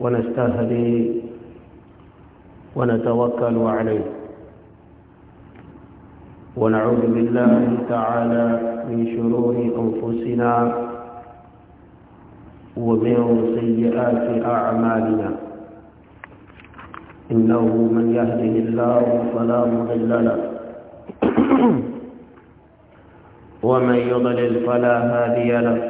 ونستهدي ونتوكل عليه ونعوذ بالله تعالى من شرور أنفسنا ومن سيئات أعمالنا إنه من يهده الله فلا مضل له ومن يضلل فلا هادي له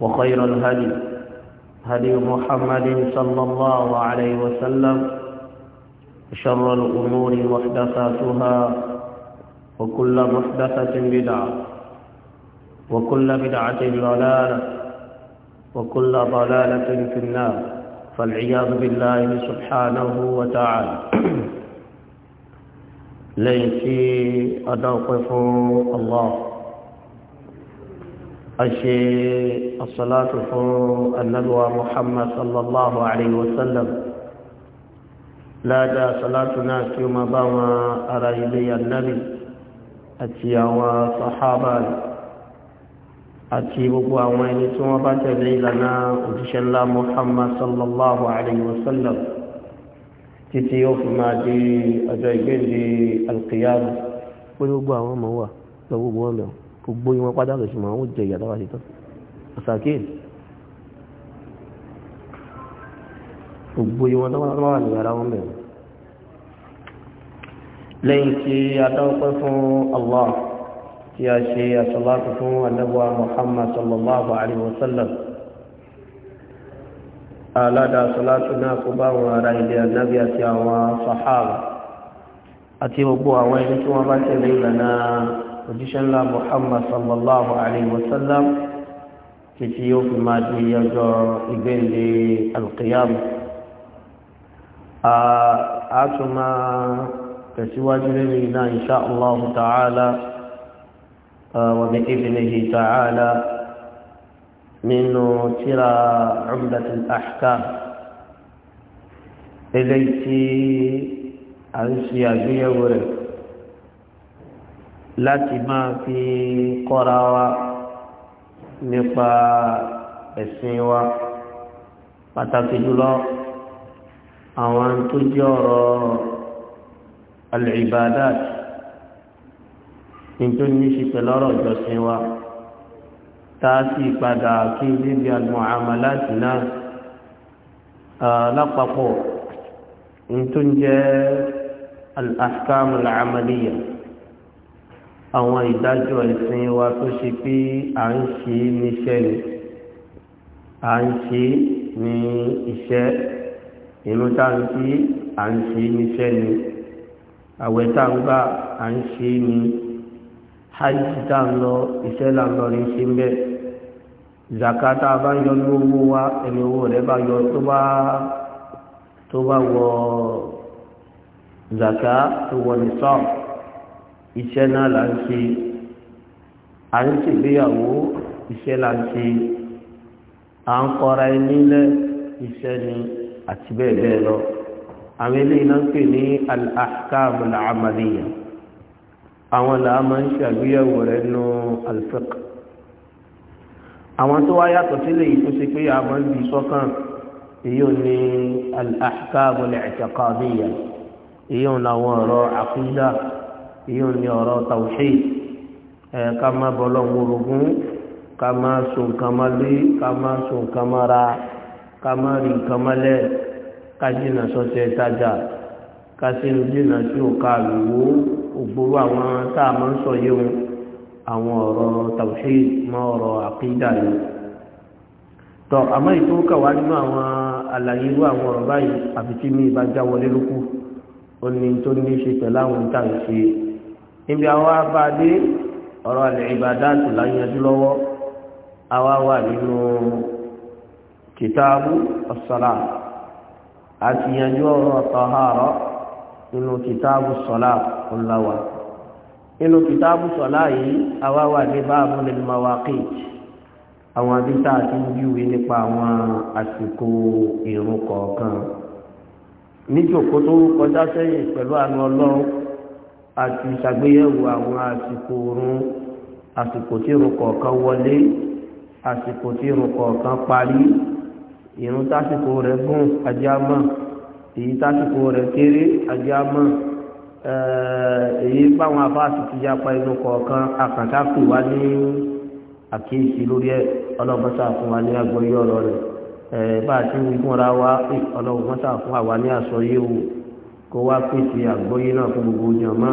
وخير الهدي هدي محمد صلى الله عليه وسلم شر الأمور محدثاتها وكل محدثة بدعة وكل بدعة ضلالة وكل ضلالة في النار فالعياذ بالله سبحانه وتعالى ليتي أدوقف الله أشي الصلاة النبوة محمد صلى الله عليه وسلم لا دا صلاتنا كما بما أرى إلي النبي أتي وصحابا أتي بقوة وين ثم باتبعي لنا أتشى الله محمد صلى الله عليه وسلم títí yóò دي máa دي ọjọ́ ìgbéǹde alkiyama. هو لو gbọ́ gbogbo ìwọ̀n padà lọ sí ma wọ́n jẹ ìyàtọ̀ wá sí tán ọ̀sàkíyè gbogbo ìwọ̀n tó wà ní yàrá wọn bẹ̀rẹ̀ lẹ́yìn tí a dáwọ́pẹ́ fún Allah tí a ṣe àṣọláàtù fún anábọ́à Muhammad sallallahu alaihi wasallam aládà àṣọláàtù náà kó bá wọn ara ilé anábì àti àwọn sahaba àti gbogbo àwọn ẹni tí wọ́n bá tẹ̀lé ìlànà òjíṣẹ́ ńlá Muhammad sallallahu alayhi wa sallam títí yóò fi máa di ọjọ́ ìgbéǹde alqiyama a tún máa tẹ̀síwájú lórí náà insha Allah ta'ala wa bi idhnihi ta'ala nínú tírà Umdatul Ahkam eléyìí tí a ń ṣe àgbéyẹ̀wò rẹ̀. láti máa fi kọ́ra wa nípa ẹ̀sìn wa pàtàkì jùlọ àwọn tó jẹ́ ọ̀rọ̀ al-ibadat ní tó ní ṣe pẹ̀lú ọ̀rọ̀ ìjọsìn wa tá a sì padà kí níbi al-muamalat náà lápapọ̀ ní tó ń jẹ́ al-ahkam àwọn ìdájọ́ ẹ̀sìn wa tó ṣe pé à ń ṣe níṣẹ́ ni à ń ṣe ní iṣẹ́ ìlú táǹkì à ń ṣe níṣẹ́ ni àwẹ̀ táǹgbà à ń ṣe ní hajj táǹlọ iṣẹ́ làǹlọ ní ṣe ń bẹ̀ zakata bá yọ ní owó wa ẹni owó rẹ̀ bá yọ tó bá tó bá wọ zaka tó wọ ní sọ́ọ̀ iṣẹ́ náà là ń ṣe à ń ṣègbéyàwó iṣẹ́ là ń ṣe à ń kọ́ra ẹni lẹ́ iṣẹ́ ni àti bẹ́ẹ̀ bẹ́ẹ̀ lọ àwọn eléyìí náà ń pè ní al-ahkam al-amaliyya àwọn làá máa ń ṣàgbéyàwó rẹ̀ nù al àwọn tó wá yàtọ̀ sílẹ̀ yìí tó ṣe pé a ń bi sọ́kàn èyí ò ní al èyí ò náà ọ̀rọ̀ àkídà èyí ni ọ̀rọ̀ tawhid ẹ̀ ká má bọ́lọ̀ wọ́rọ̀gún ká má so nǹkan má lé ká má so nǹkan má ra ká má rí nǹkan má lẹ̀ ká jìnà sọ́sẹ̀ ìtajà ká sí jìnà sí òkà àlùwò ògbóró àwọn tá a máa ń sọ yé wọn àwọn ọ̀rọ̀ tawhid mọ́ ọ̀rọ̀ àkídà ni tọ́ àmọ́ ìtò kàwá nínú àwọn àlàyé irú àwọn ọ̀rọ̀ báyìí àfi tí mi ìbá já wọlé lókù ó ní tó ní í ṣe pẹ̀lú àwọn tá à ń ṣe níbi àwọn afáadé ọ̀rọ̀ àlẹ́ ìbàdáàtì láyẹ̀dú lọ́wọ́ àwa wà nínú kìtàbù ọ̀sọ̀lá àti ìyànjú ọ̀rọ̀ ọ̀tọ̀hárọ̀ nínú kìtàbù sọ̀lá ọ̀làwà nínú kìtàbù sọ̀lá yìí àwa wà ní báàbù lil mawaqit àwọn abíta àti ìjúwe nípa àwọn àsìkò ìrun kọ̀ọ̀kan níjòkó tó kọjá sẹ́yìn pẹ̀lú àánú ọlọ́run àti ìṣàgbéyẹ̀wò àwọn àsìkò oorun àsìkò tí irun kọ̀ọ̀kan wọlé àsìkò tí irun kọ̀ọ̀kan parí irun tásìkò rẹ̀ gùn ajámọ̀ èyí tásìkò rẹ̀ kéré ajámọ̀ èyí báwọn afáàsì ti yapa inú kọ̀ọ̀kan àkàtà pè wá ní àkíyèsí lórí ẹ̀ ọlọ́mọṣà fún wa ní àgbọ́yé ọ̀rọ̀ rẹ̀ bá a ti ń wí fúnra wa ọlọ́mọṣà fún àwa ní àsọyé o kó wá pèsè àgbóyé náà fún gbogbo jọmọ́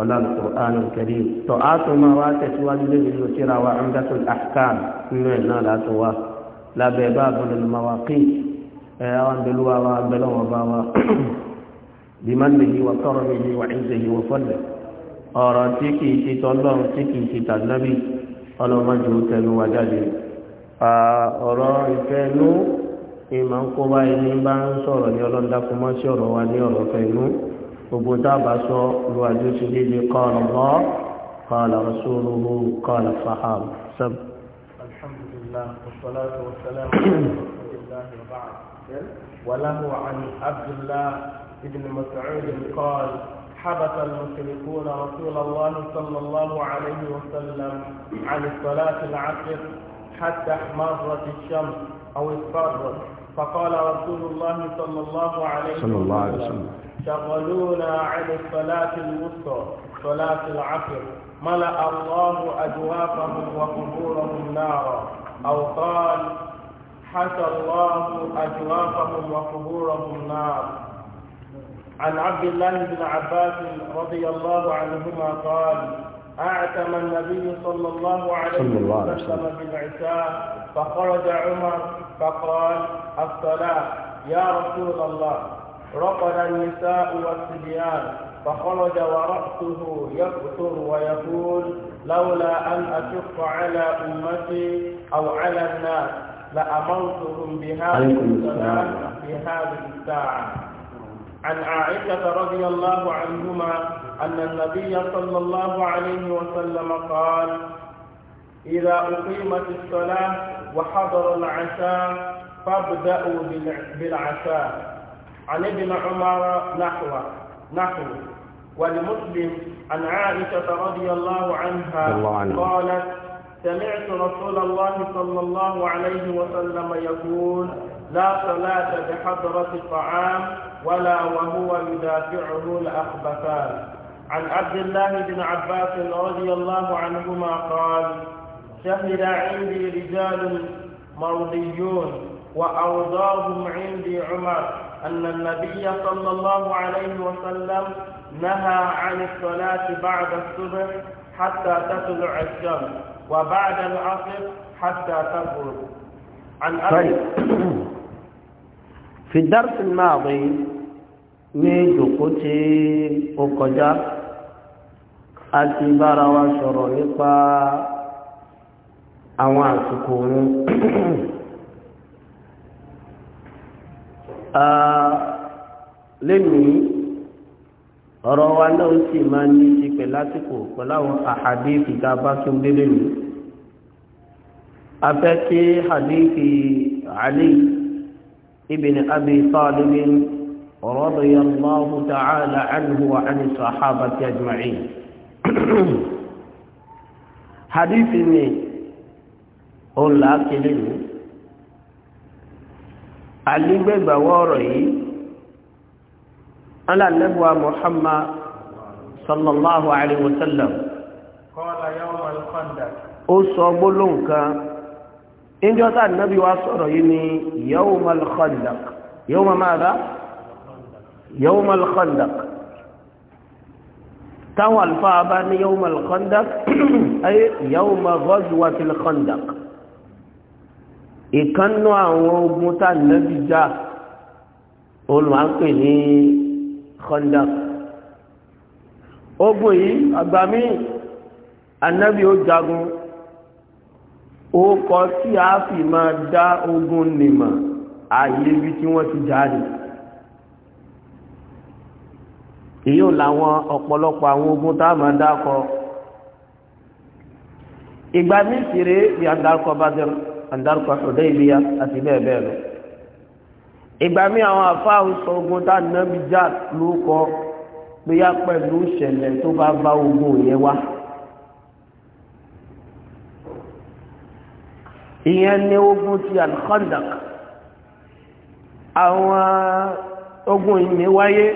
ọlọ́lùkọ́ àánú kẹrí tọ́ a tó máa wá tẹ̀síwájú lórí ló tíra wa Umdatul Ahkam nínú ẹ̀ náà látọ̀ wá lábẹ́ bá abúlé mawaqi ẹ̀ àwọn abẹ́lúwa wa abẹ́lọ́wọ́ bá wa bímánìyí wa tọrọ mi ní wa ìzèyí wa fọlẹ̀ ọ̀rọ̀ tí kì í ti tọ́lọ́run tí kì í ti tàdínábì ọlọ́mọdé ó tẹnu wa jáde ọ̀rọ̀ ìfẹ́ ìmọ̀ ń kó báyìí ní bá ń sọ̀rọ̀ ní ọlọ́dàkùn mọ́ sí ọ̀rọ̀ wa ní ọ̀rọ̀ pẹ̀lú gbogbo dábàá sọ lu àjọṣe líle kọ́ọ̀lọ̀ mọ́ kọ́ọ̀lọ̀ rasúlùmù kọ́ọ̀lọ̀ faham sẹ́b. alhamdulillah wasalaatu wasalaamu alayhi wa baad walahu an abdullah ibn mas'ud qaal حبس المشركون رسول الله صلى الله عليه وسلم عن الصلاة العصر حتى احمرت الشمس أو اصفرت فقال رسول الله صلى الله عليه وسلم, صلى الله عليه وسلم شغلونا عن الصلاة الوسطى صلاة العصر ملأ الله أجوافهم وقبورهم نارا أو قال حشى الله أجوافهم وقبورهم نار عن عبد الله بن عباس رضي الله عنهما قال أعتم النبي صلى الله عليه وسلم بالعشاء فخرج عمر فقال الصلاة يا رسول الله رقد النساء والصبيان فخرج ورأسه يكثر ويقول لولا أن أشق على أمتي أو على الناس لأمرتهم بهذه الصلاة في هذه الساعة عن عائشة رضي الله عنهما أن النبي صلى الله عليه وسلم قال إذا أقيمت الصلاة وحضر العشاء فابدأوا بالعشاء عن ابن عمر نحو نحو ولمسلم عن عائشة رضي الله عنها قالت سمعت رسول الله صلى الله عليه وسلم يقول لا صلاة بحضرة الطعام ولا وهو يدافعه الأخبثان عن عبد الله بن عباس رضي الله عنهما قال شهد عندي رجال مرضيون وأرضاهم عندي عمر أن النبي صلى الله عليه وسلم نهى عن الصلاة بعد الصبح حتى تطلع الشمس وبعد العصر حتى تغرب عن طيب في الدرس الماضي ní قتي وقدر أتبار kọjá àwọn àsìkò òun lẹ́nìí ah, ọ̀rọ̀ wa náà sì máa ní ṣe pẹ̀lú àsìkò pẹ̀lú àwọn àhàdíìsì tá a bá tún délé nù afẹ́ kí àdíìsì Ali ibn Abi Talib radiyallahu ta'ala anhu wa ani sahabati ajma'in hadíìsì ni ó ń là á kéde nù. àlígbẹ̀gbàwọ́ ọ̀rọ̀ yìí alàlẹ́bùwà Muhammad sallallahu alayhi wa sallam ó sọ gbólóhùn kan ìjọ tá nàbí wa sọ̀rọ̀ yìí ni yawmal khandaq yawma madha yawmal khandaq táwọn alfáà bá ní yawmal khandaq ay yawma ghazwatil khandaq ìkànnú àwọn ogun tá nàbí já olùwàpè ní kọ́ńdà ogun yìí àgbà míì anabi ó jagun ó kọ tí a fi máa dá ogun nìmọ̀ ààyè ibi tí wọ́n ti jáde èyí ò láwọn ọ̀pọ̀lọpọ̀ àwọn ogun tá a máa dákọ ìgbà míì sì rèé bí bá dẹrù àdárúkọ Hudaybiya àti bẹ́ẹ̀ bẹ́ẹ̀ lọ ìgbà mi àwọn afáàwù sọ ogun tá nàbí já ló kọ péyà pẹ̀lú ìṣẹ̀lẹ̀ tó bá bá ogun yẹn wá ìyẹn ní ogun ti al-Khandaq àwọn ogun ìní wáyé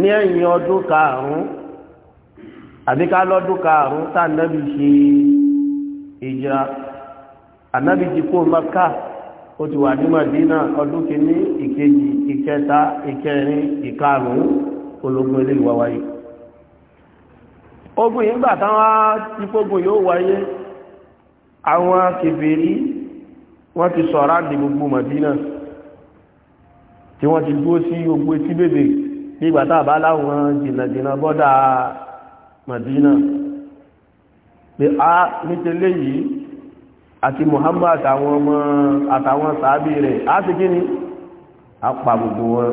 ní ẹ̀yìn ọdún karùn-ún àbíká lọ́dún karùn-ún tá nàbí ṣe ìjìra ànábì ti kó maka ó ti wà ní madina ọdún kìíní ìkejì ìkẹta ìkẹrin ìkarùn-ún ológun ilé ìwà wáyé ogun yìí gbà táwọn ti fógun yóò wáyé àwọn kèfèrí wọ́n ti sọ̀rọ̀ àdì gbogbo madina tí wọ́n ti dúó sí gbogbo etí bèbè nígbà tá a bá láwọn jìnnàjìnnà bọ́dà madina pé a ah, nítẹ̀lé àti Muhammad àtàwọn ọmọ àtàwọn sàábì rẹ̀ á ti kí ni a pa gbogbo wọn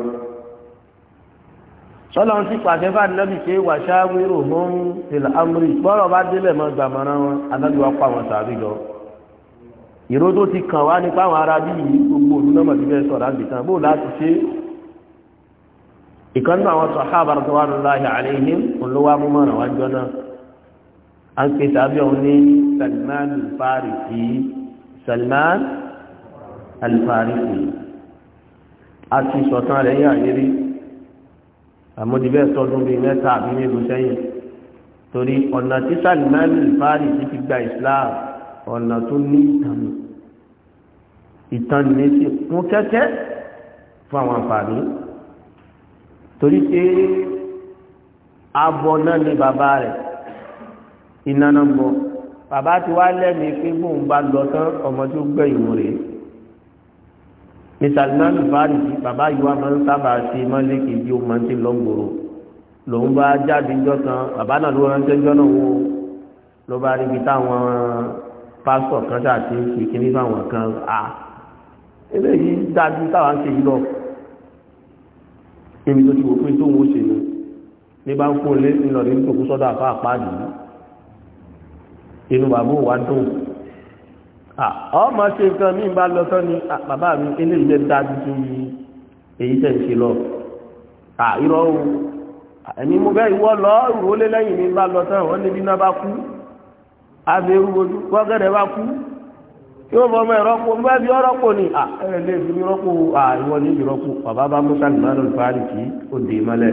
sọ́lọ́ ń sì pàṣẹ bá nẹ́bì pé wàṣá wírò hún ìlà amúrí gbọ́rọ̀ bá délẹ̀ mọ́ gbàmọ́ra wọn adájọ́ wa pa àwọn sàábì lọ ìró tó ti kàn wá nípa àwọn ará bí gbogbo òun náà mọ̀tí bẹ́ẹ̀ sọ̀rọ̀ àgbè kan bó láti ṣe ìkànnì àwọn sọ̀hábà tó wà lọ́láyà àlẹ́yìn olówó amúmọ̀ràn wájọ́ náà a ń pè tàbí ọ̀hún ní Salman al-Farisi Salman al-Farisi a ti sọ̀tàn rẹ̀ yà yérí àmọ́dìbẹ́ tọdún bíi mẹ́ta àbí mélòó sẹ́yìn torí ọ̀nà tí Salman al-Farisi fi gba Islam ọ̀nà tó ní ìtànù ìtànù ní kẹ́kẹ́ fún àwọn àǹfààní torí pé abọ náà ní bàbá rẹ̀ iná náà ń bọ̀ bàbá ti wá lẹ́nu pé bóun bá lọ tán ọmọ tó gbẹ ìwọ̀n rèé mìsàlùmánù fáàrí sí bàbá yìí wá máa ń sábà ṣe mọ́lẹ́kì bí ó máa ń ṣe lọ́gbòrò lòun bá jáde ńjọ́ kan bàbá náà ló ránṣẹ́ ńjọ́ náà wò ló bá ríbi táwọn pásítọ̀ kan ṣàti ń ṣe kíní fáwọn kan à eléyìí dájú táwọn ṣe yìí lọ èmi tó ti wò pé tóun ṣe nù bá ń fún un lé ńlọrọ ní tòkú sọ́dọ̀ àfa àpáàdì yìí inú bàbá wa dùn ọmọ ṣe nǹkan mí bá lọ tán ni bàbá mi eléyìí lè dá ju èyí tẹ̀ ń ṣe lọ irọ́ o ẹni mo bẹ́ ìwọ lọ ìrólé lẹ́yìn mi bá lọ tán wọ́n níbi náà bá kú abẹ́rú ojú wọ́gẹ́rẹ́ bá kú yóò fọ ọmọ ìrọ́pò bá bí ọ̀rọ́pò ni ẹ̀rẹ̀ lè fi mi rọ́pò ìwọ ní ìrọ́pò bàbá bá mú sálùmá lọ fàárì kí ó dé mọ́lẹ̀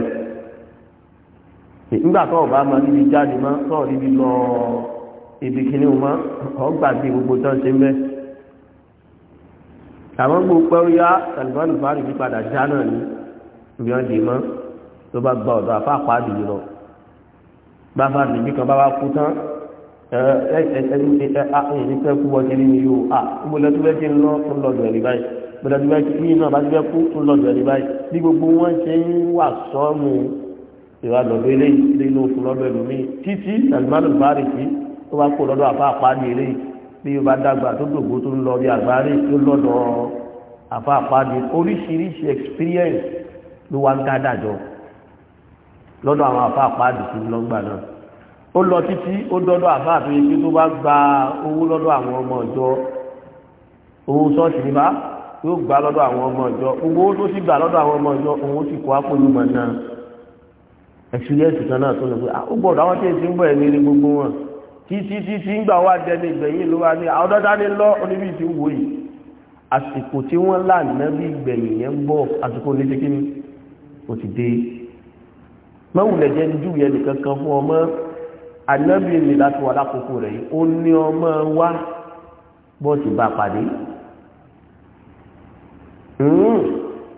nígbà tó ọba máa níbi jáde máa sọ̀rọ̀ níbi lọ́ọ́ ibi kìíní o mọ́ ọgbà bí gbogbo tó ń ṣe mẹ́ àwọn gbogbo pẹ́ yá Salman Fari fi padà já náà ní ibi wọn dè mọ́ tó bá gba ọ̀dọ̀ afá pàdé lọ bá bá níbi kan bá wá kú tán ẹ ẹ ẹ ẹ ní fẹ́ kú wọ́n ti rí mi yóò à mo lọ tó fẹ́ kí n lọ tó lọ́dọ̀ ẹ̀rí báyìí gbọ́dọ̀ tó fẹ́ kí n náà bá ti fẹ́ kú tó lọ́dọ̀ ẹ̀rí báyìí bí gbogbo wọn ṣe ń wà sọ́ọ̀mù ìwà lọ́dọ̀ eléyìí nínú fún lọ́dọ̀ ẹ̀lòmíì títí Salman Fari fi tó bá kó lọ́dọ̀ àfa àpáàdì eré bí o bá dàgbà tó dògbò tó ń lọ bí àgbáre tó lọ́dọ̀ àfa àpáàdì oríṣiríṣi experience ló wá ń ká dàjọ lọ́dọ̀ àwọn àfa àpáàdì tó ń lọ́gbà náà ó lọ títí ó dọ́dọ̀ àfa àfihàn pé tó bá gba owó lọ́dọ̀ àwọn ọmọ ìjọ owó sọ́ọ̀sì níbà yóò gbà lọ́dọ̀ àwọn ọmọ ìjọ owó tó sì gbà lọ́dọ̀ àwọn ọmọ ìjọ òun sì kó àpòlù mọ̀ náà experience kan náà tó lọ pé ah, ó gbọ́dọ̀ àwọn tí èsì ń bọ̀ ẹ̀mí ní gbogbo wọn títí títí ń gbà wá dẹni ìgbẹ̀yìn ló wá ní àwọn dọ́dá ní lọ oníbí ti wò yìí àsìkò tí wọ́n là nábì ìgbẹ̀yìn yẹn ń bọ̀ àsìkò ní ṣe kí ni ó ti dé mọ́wùlẹ̀ jẹ́ jù yẹn nìkan kan fún ọmọ ànábì mi láti wà lákòókò rẹ̀ yìí ó ní ọmọ wá bọ́ọ̀sì bá pàdé hmm.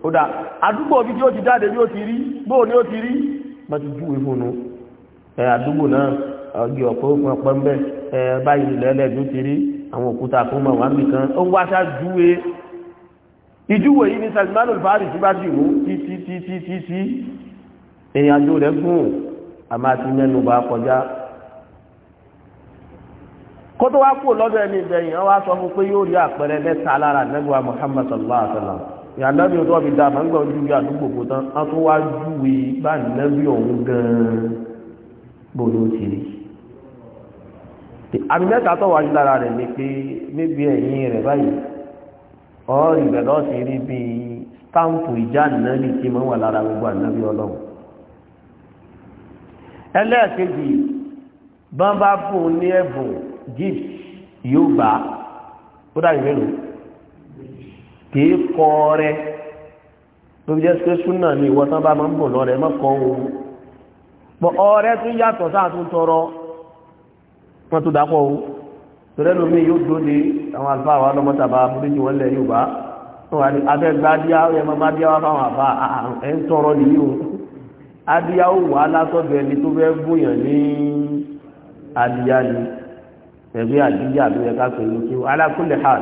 ó dà àdúgbò bí tí ó ti jáde bí ó ti rí bóò ni ó ti rí bá ti júwe fún un ẹ̀ àdúgbò náà ọjọ́ ọ̀pọ̀ òkun ọ̀pọ̀ ń bẹ̀ ẹ báyìí ilẹ̀ ẹlẹ́dún ti rí àwọn òkúta fún mọ̀ wá mì kan ó ń wáṣá júwe ìjúwe yìí ni Salman al-Farisi ti bá dì mú tí tí tí tí tí tí èèyàn àjò rẹ̀ gùn àmọ́ àti mẹ́nu bá kọjá kótó wá kú lọ́dọ̀ ẹni ìbẹ̀yìn wọ́n wá sọ fún pé yóò rí àpẹẹrẹ mẹ́ta lára nẹ́gbà Muhammad sallallahu alaihi wa sallam ìyàndábí tó fi dáa máa ń gbà ojú bí àdúgbò kó tán á tó wá júwe bá nẹ́bí ọ̀hún gan-an bó ló ti rí àmì mẹ́ta tó wájú lára rẹ̀ ni pé níbi ẹ̀yìn rẹ̀ báyìí ọ̀rọ̀ ìbẹ̀ lọ́ sí rí bí stampu ìjà nàbì tí mo wà lára gbogbo ànábì ọlọ́run ẹlẹ́ẹ̀kejì bọ́n bá fún un ní ẹ̀bùn gift yóò gbà á ó dàbí mélòó kìí kọ́ rẹ ló jẹ́ pé súnà ni ìwọ tán bá máa ń bọ̀ lọ́rẹ̀ mọ́kọ́ òun tún yàtọ̀ sáà tún tọrọ wọ́n tó dápọ̀ o tọ́lẹ́nu mi yóò dó de àwọn àlùfáà wa lọ́mọ́tàbá méjì wọ́n lẹ̀ yóò bá abẹ́gbẹ́ adíyáwó ẹmọ bá díyáwó fáwọn àbá ah, ah, ah, ẹ̀ ń tọrọ nìyí o adíyáwó wà látọ̀dọ̀ ẹni tó fẹ́ bóyàn ní adíyá ni ẹgbẹ́ àdíyá ló yẹ ká pè é kí o alákùnlé ha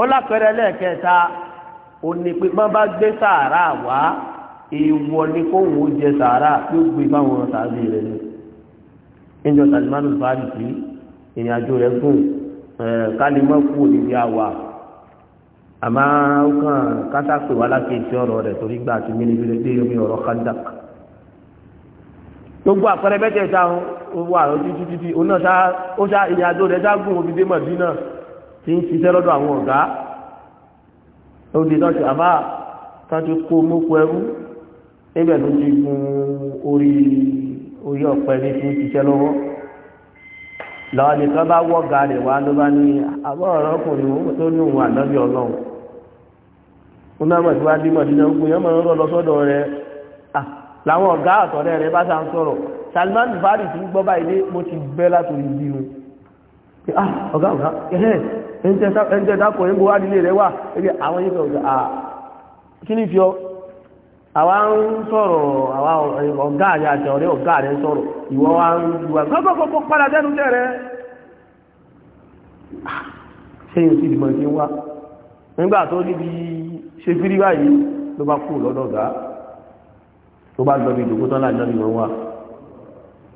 ó lápẹẹrẹ lẹ́ẹ̀kẹta ó ní pé bá bá gbé sàárà wá èèwọ̀ ni kóhùn ó jẹ sàárà tó gbé báwọn tàbí rẹ̀ ni níjọ Salmanu Farisi ìrìn àjò rẹ̀ gùn kálí mọ́ kú níbi àwà àmọ́ ó kàn kátàpé wà lákèéjì ọ̀rọ̀ rẹ̀ torí gbà àti mílíọ̀nù dé omi ọ̀rọ̀ Khandak gbogbo àpẹẹrẹ mẹ́tẹ̀ẹ̀ta wà títí títí òun náà ó sá ìrìn àjò rẹ̀ ságùn òbí dé Mọ̀dínà tí ń ṣiṣẹ́ lọ́dọ̀ àwọn ọ̀gá òde náà ti àbá ti kó mọ́kọ ẹrú níbẹ̀ ti gun orí orí ọ̀pẹ ní fi ń ṣiṣẹ́ lọ́wọ́ lọ́wọ́ nìkan bá wọ́ ga rẹ̀ wá ló bá ní àbọ̀ ọ̀rọ̀kùnrin òun tó ní òun ànábì ọlọ́run wọn náà mọ̀ sí wáá bímọ nínú ogun yẹn mọ̀ ń lọ sọ́dọ̀ rẹ̀ làwọn ọ̀gá àtọ̀rẹ́ rẹ̀ bá sá ń sọ̀rọ̀ Salman Fari ti ń gbọ́ báyìí dé mo ti bẹ́ látòrí bí mi ah, ọ̀gá ọ̀gá ẹ̀ńtẹ́ dákọ̀ ẹ̀ ń bo wá nílé rẹ̀ wà àwọn yìí fẹ́ ọ̀gá kí ni àwa ń sọ̀rọ̀ àwa ọ̀gá rẹ̀ àti ọ̀rẹ́ ọ̀gá rẹ̀ ń sọ̀rọ̀ ìwọ wa ń wà kọ́kọ́kọ́ padà dẹ́nu jẹ́ rẹ̀ ah, ṣé o sì dìmọ̀ sí wá nígbà tó níbi ṣe fírí báyìí ló bá kú lọ́dọ̀ ọ̀gá tó bá gbọ́ bí ìdòkó tán láti lọ́dọ̀ ìwọ̀n wà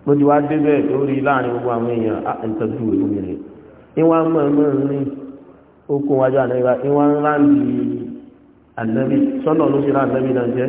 mo ti wá débẹ̀ tó rí láàrin gbogbo àwọn èèyàn àìtọ́jú ah, ìlú mi rẹ̀ ìwọ̀n mọ̀ mọ̀ rìn ó kún wájú àná ìwọ̀n ńlá ń di ànábì sọ́nà ló ṣe rá ànábì náà jẹ́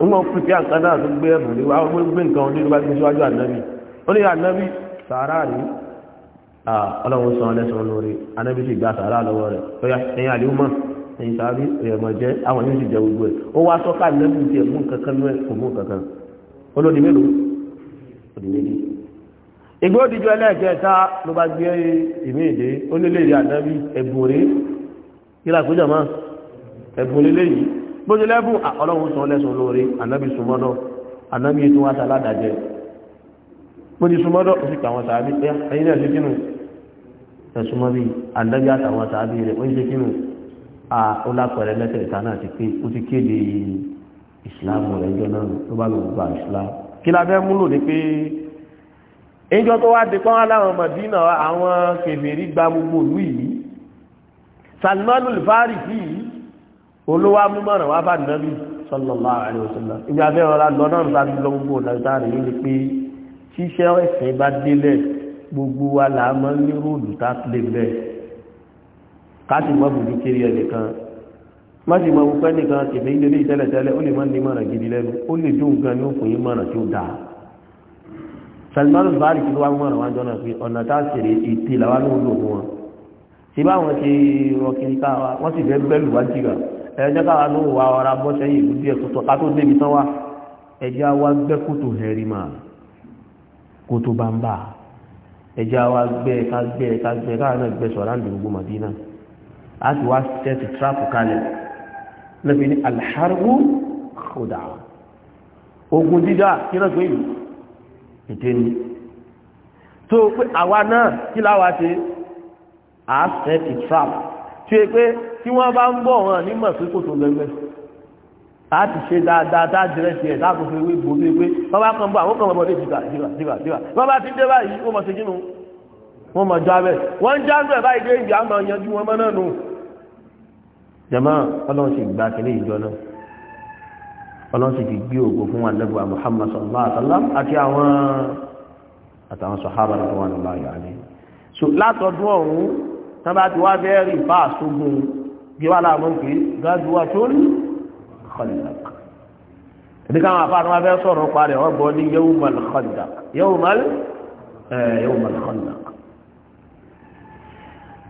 ó mọ̀ fún pé àkàndá tó gbé ẹ̀bùn ní wọ́n gbé nǹkan ní ìlú bá gbé síwájú ànábì ó ní ànábì sàárà ní ọlọ́run sọ ọlẹ́sọ lórí ànábì sì gba sàárà lọ́wọ́ rẹ̀ ó yá ẹ̀yìn àlíwọ́mọ̀ ẹ̀yìn sàárì ẹ̀mọ̀ jẹ́ àwọn yóò sì jẹ gbogbo ẹ̀ ó wá sọ́kà ànábì ti ẹ̀mú kankan lọ́ kò mú kankan olódi mélòó olódi méjì ìgbó òdìjọ ẹlẹ́ẹ̀kẹta ló bá gbé ìmí ìdè ó lélẹ́yìí ànábì ẹ̀bùn rèé kí bójú lẹ́bùn ọlọ́run sọ lẹ́sùn lórí anábì súnmọ́dọ̀ anábì tó wá sàládàjẹ́ bójú súnmọ́dọ̀ ó sì kàwọn sàábí ẹ̀yìn náà síkínú ẹ̀sùnmọ́ bí anábì àtàwọn sàábí rẹ̀ ó ń síkínú ọlápẹ̀rẹ̀ lẹ́tẹ̀ẹ̀ta náà ti pé ó ti kéde ìsìláàmù rẹ̀ jọ náà ló bá lòun gba ìsìláàmù kí la fẹ́ múlò ní pé ìjọ tó wá dìpọ́n aláwọn mọ̀dínà àwọn kèfèrí gba gbogbo ìlú yìí Salmanul Farisi yìí olówó amúmọ̀ràn wá bá nàbí sallallahu alaihi wasallam ibi abẹ́rẹ́ ọ̀la lọ náà bá lọ gbogbo ọ̀dàgbà rẹ̀ yìí ni pé ṣíṣẹ́ ẹ̀sìn bá délẹ̀ gbogbo wa là á máa ń ní róòlù tá a ti lè bẹ̀ ká sì mọ bùdú kiri ẹnìkan má sì mọ wípé nìkan kìfé ilé yìí tẹ́lẹ̀tẹ́lẹ̀ ó lè má ní mọ̀ràn gidi lẹ́nu ó lè dún nǹkan ní òfin yín mọ̀ràn tí ó dáa Salmanul Farisi kí ló wá mọ̀ràn wá jọ náà pé ọ̀nà tá a ṣèrè ètè làwọn ló ń lò fún wọn ṣé báwọn ṣe rọ kiri ká wa wọ́n sì fẹ́ bẹ́ẹ̀lù wá jìgà ẹjẹ́ káwà ló wà ọ̀rá bọ́ṣẹ́ yìí ìlú díẹ̀ tuntun ká tó débi tán wá ẹjẹ́ wá gbẹ́ kòtò hẹ̀rì mà kòtò bàǹbà ẹjẹ́ wá gbẹ́ ká gbẹ́ ká gbẹ́ káwà náà gbẹ́ sọ̀rọ̀ àǹdí gbogbo Madina a ti wá tẹ́tì tíráàpù kalẹ̀ lẹ́bi ní alḥarbu kódà ogun dídá kí náà pé ètè ni tó pé àwa náà kí láwa ṣe a tẹ́tì tíráàpù tí o pé tí wọ́n bá ń bọ̀ wọn nímọ̀ pé kò tó lẹ́gbẹ́ a ti ṣe dáadáa tá a jẹrẹ tiẹ̀ tá a kò fi wé gbòó bíi pé wọ́n bá kàn bọ̀ àwọn kan bọ̀ dé jìbà jìbà jìbà wọ́n bá ti dé báyìí wọ́n mọ̀ sí kínú wọ́n mọ̀ já bẹ́ẹ̀ wọ́n ń já báyìí dé ìdí àmọ́ yanjú wọn mọ́ náà nù. jama ọlọ́run sì gba kílé ìjọ náà ọlọ́run sì fi gbé ògo fún wa lẹ́bùn Muhammad sallallahu alaihi wasallam àti àwọn àtàwọn sàhábà rẹ̀ wọn lọ́yà ni. so látọ̀dún ọ̀hún tábà ti wá bẹ́ẹ̀ gbé wà láàmú pé gáàdùwà tó ní khandaq ní káwọn afáàní wọn fẹ́ sọ̀rọ̀ parẹ̀ wọ́n gbọ́ ní yawmal khandaq yawmal yawmal khandaq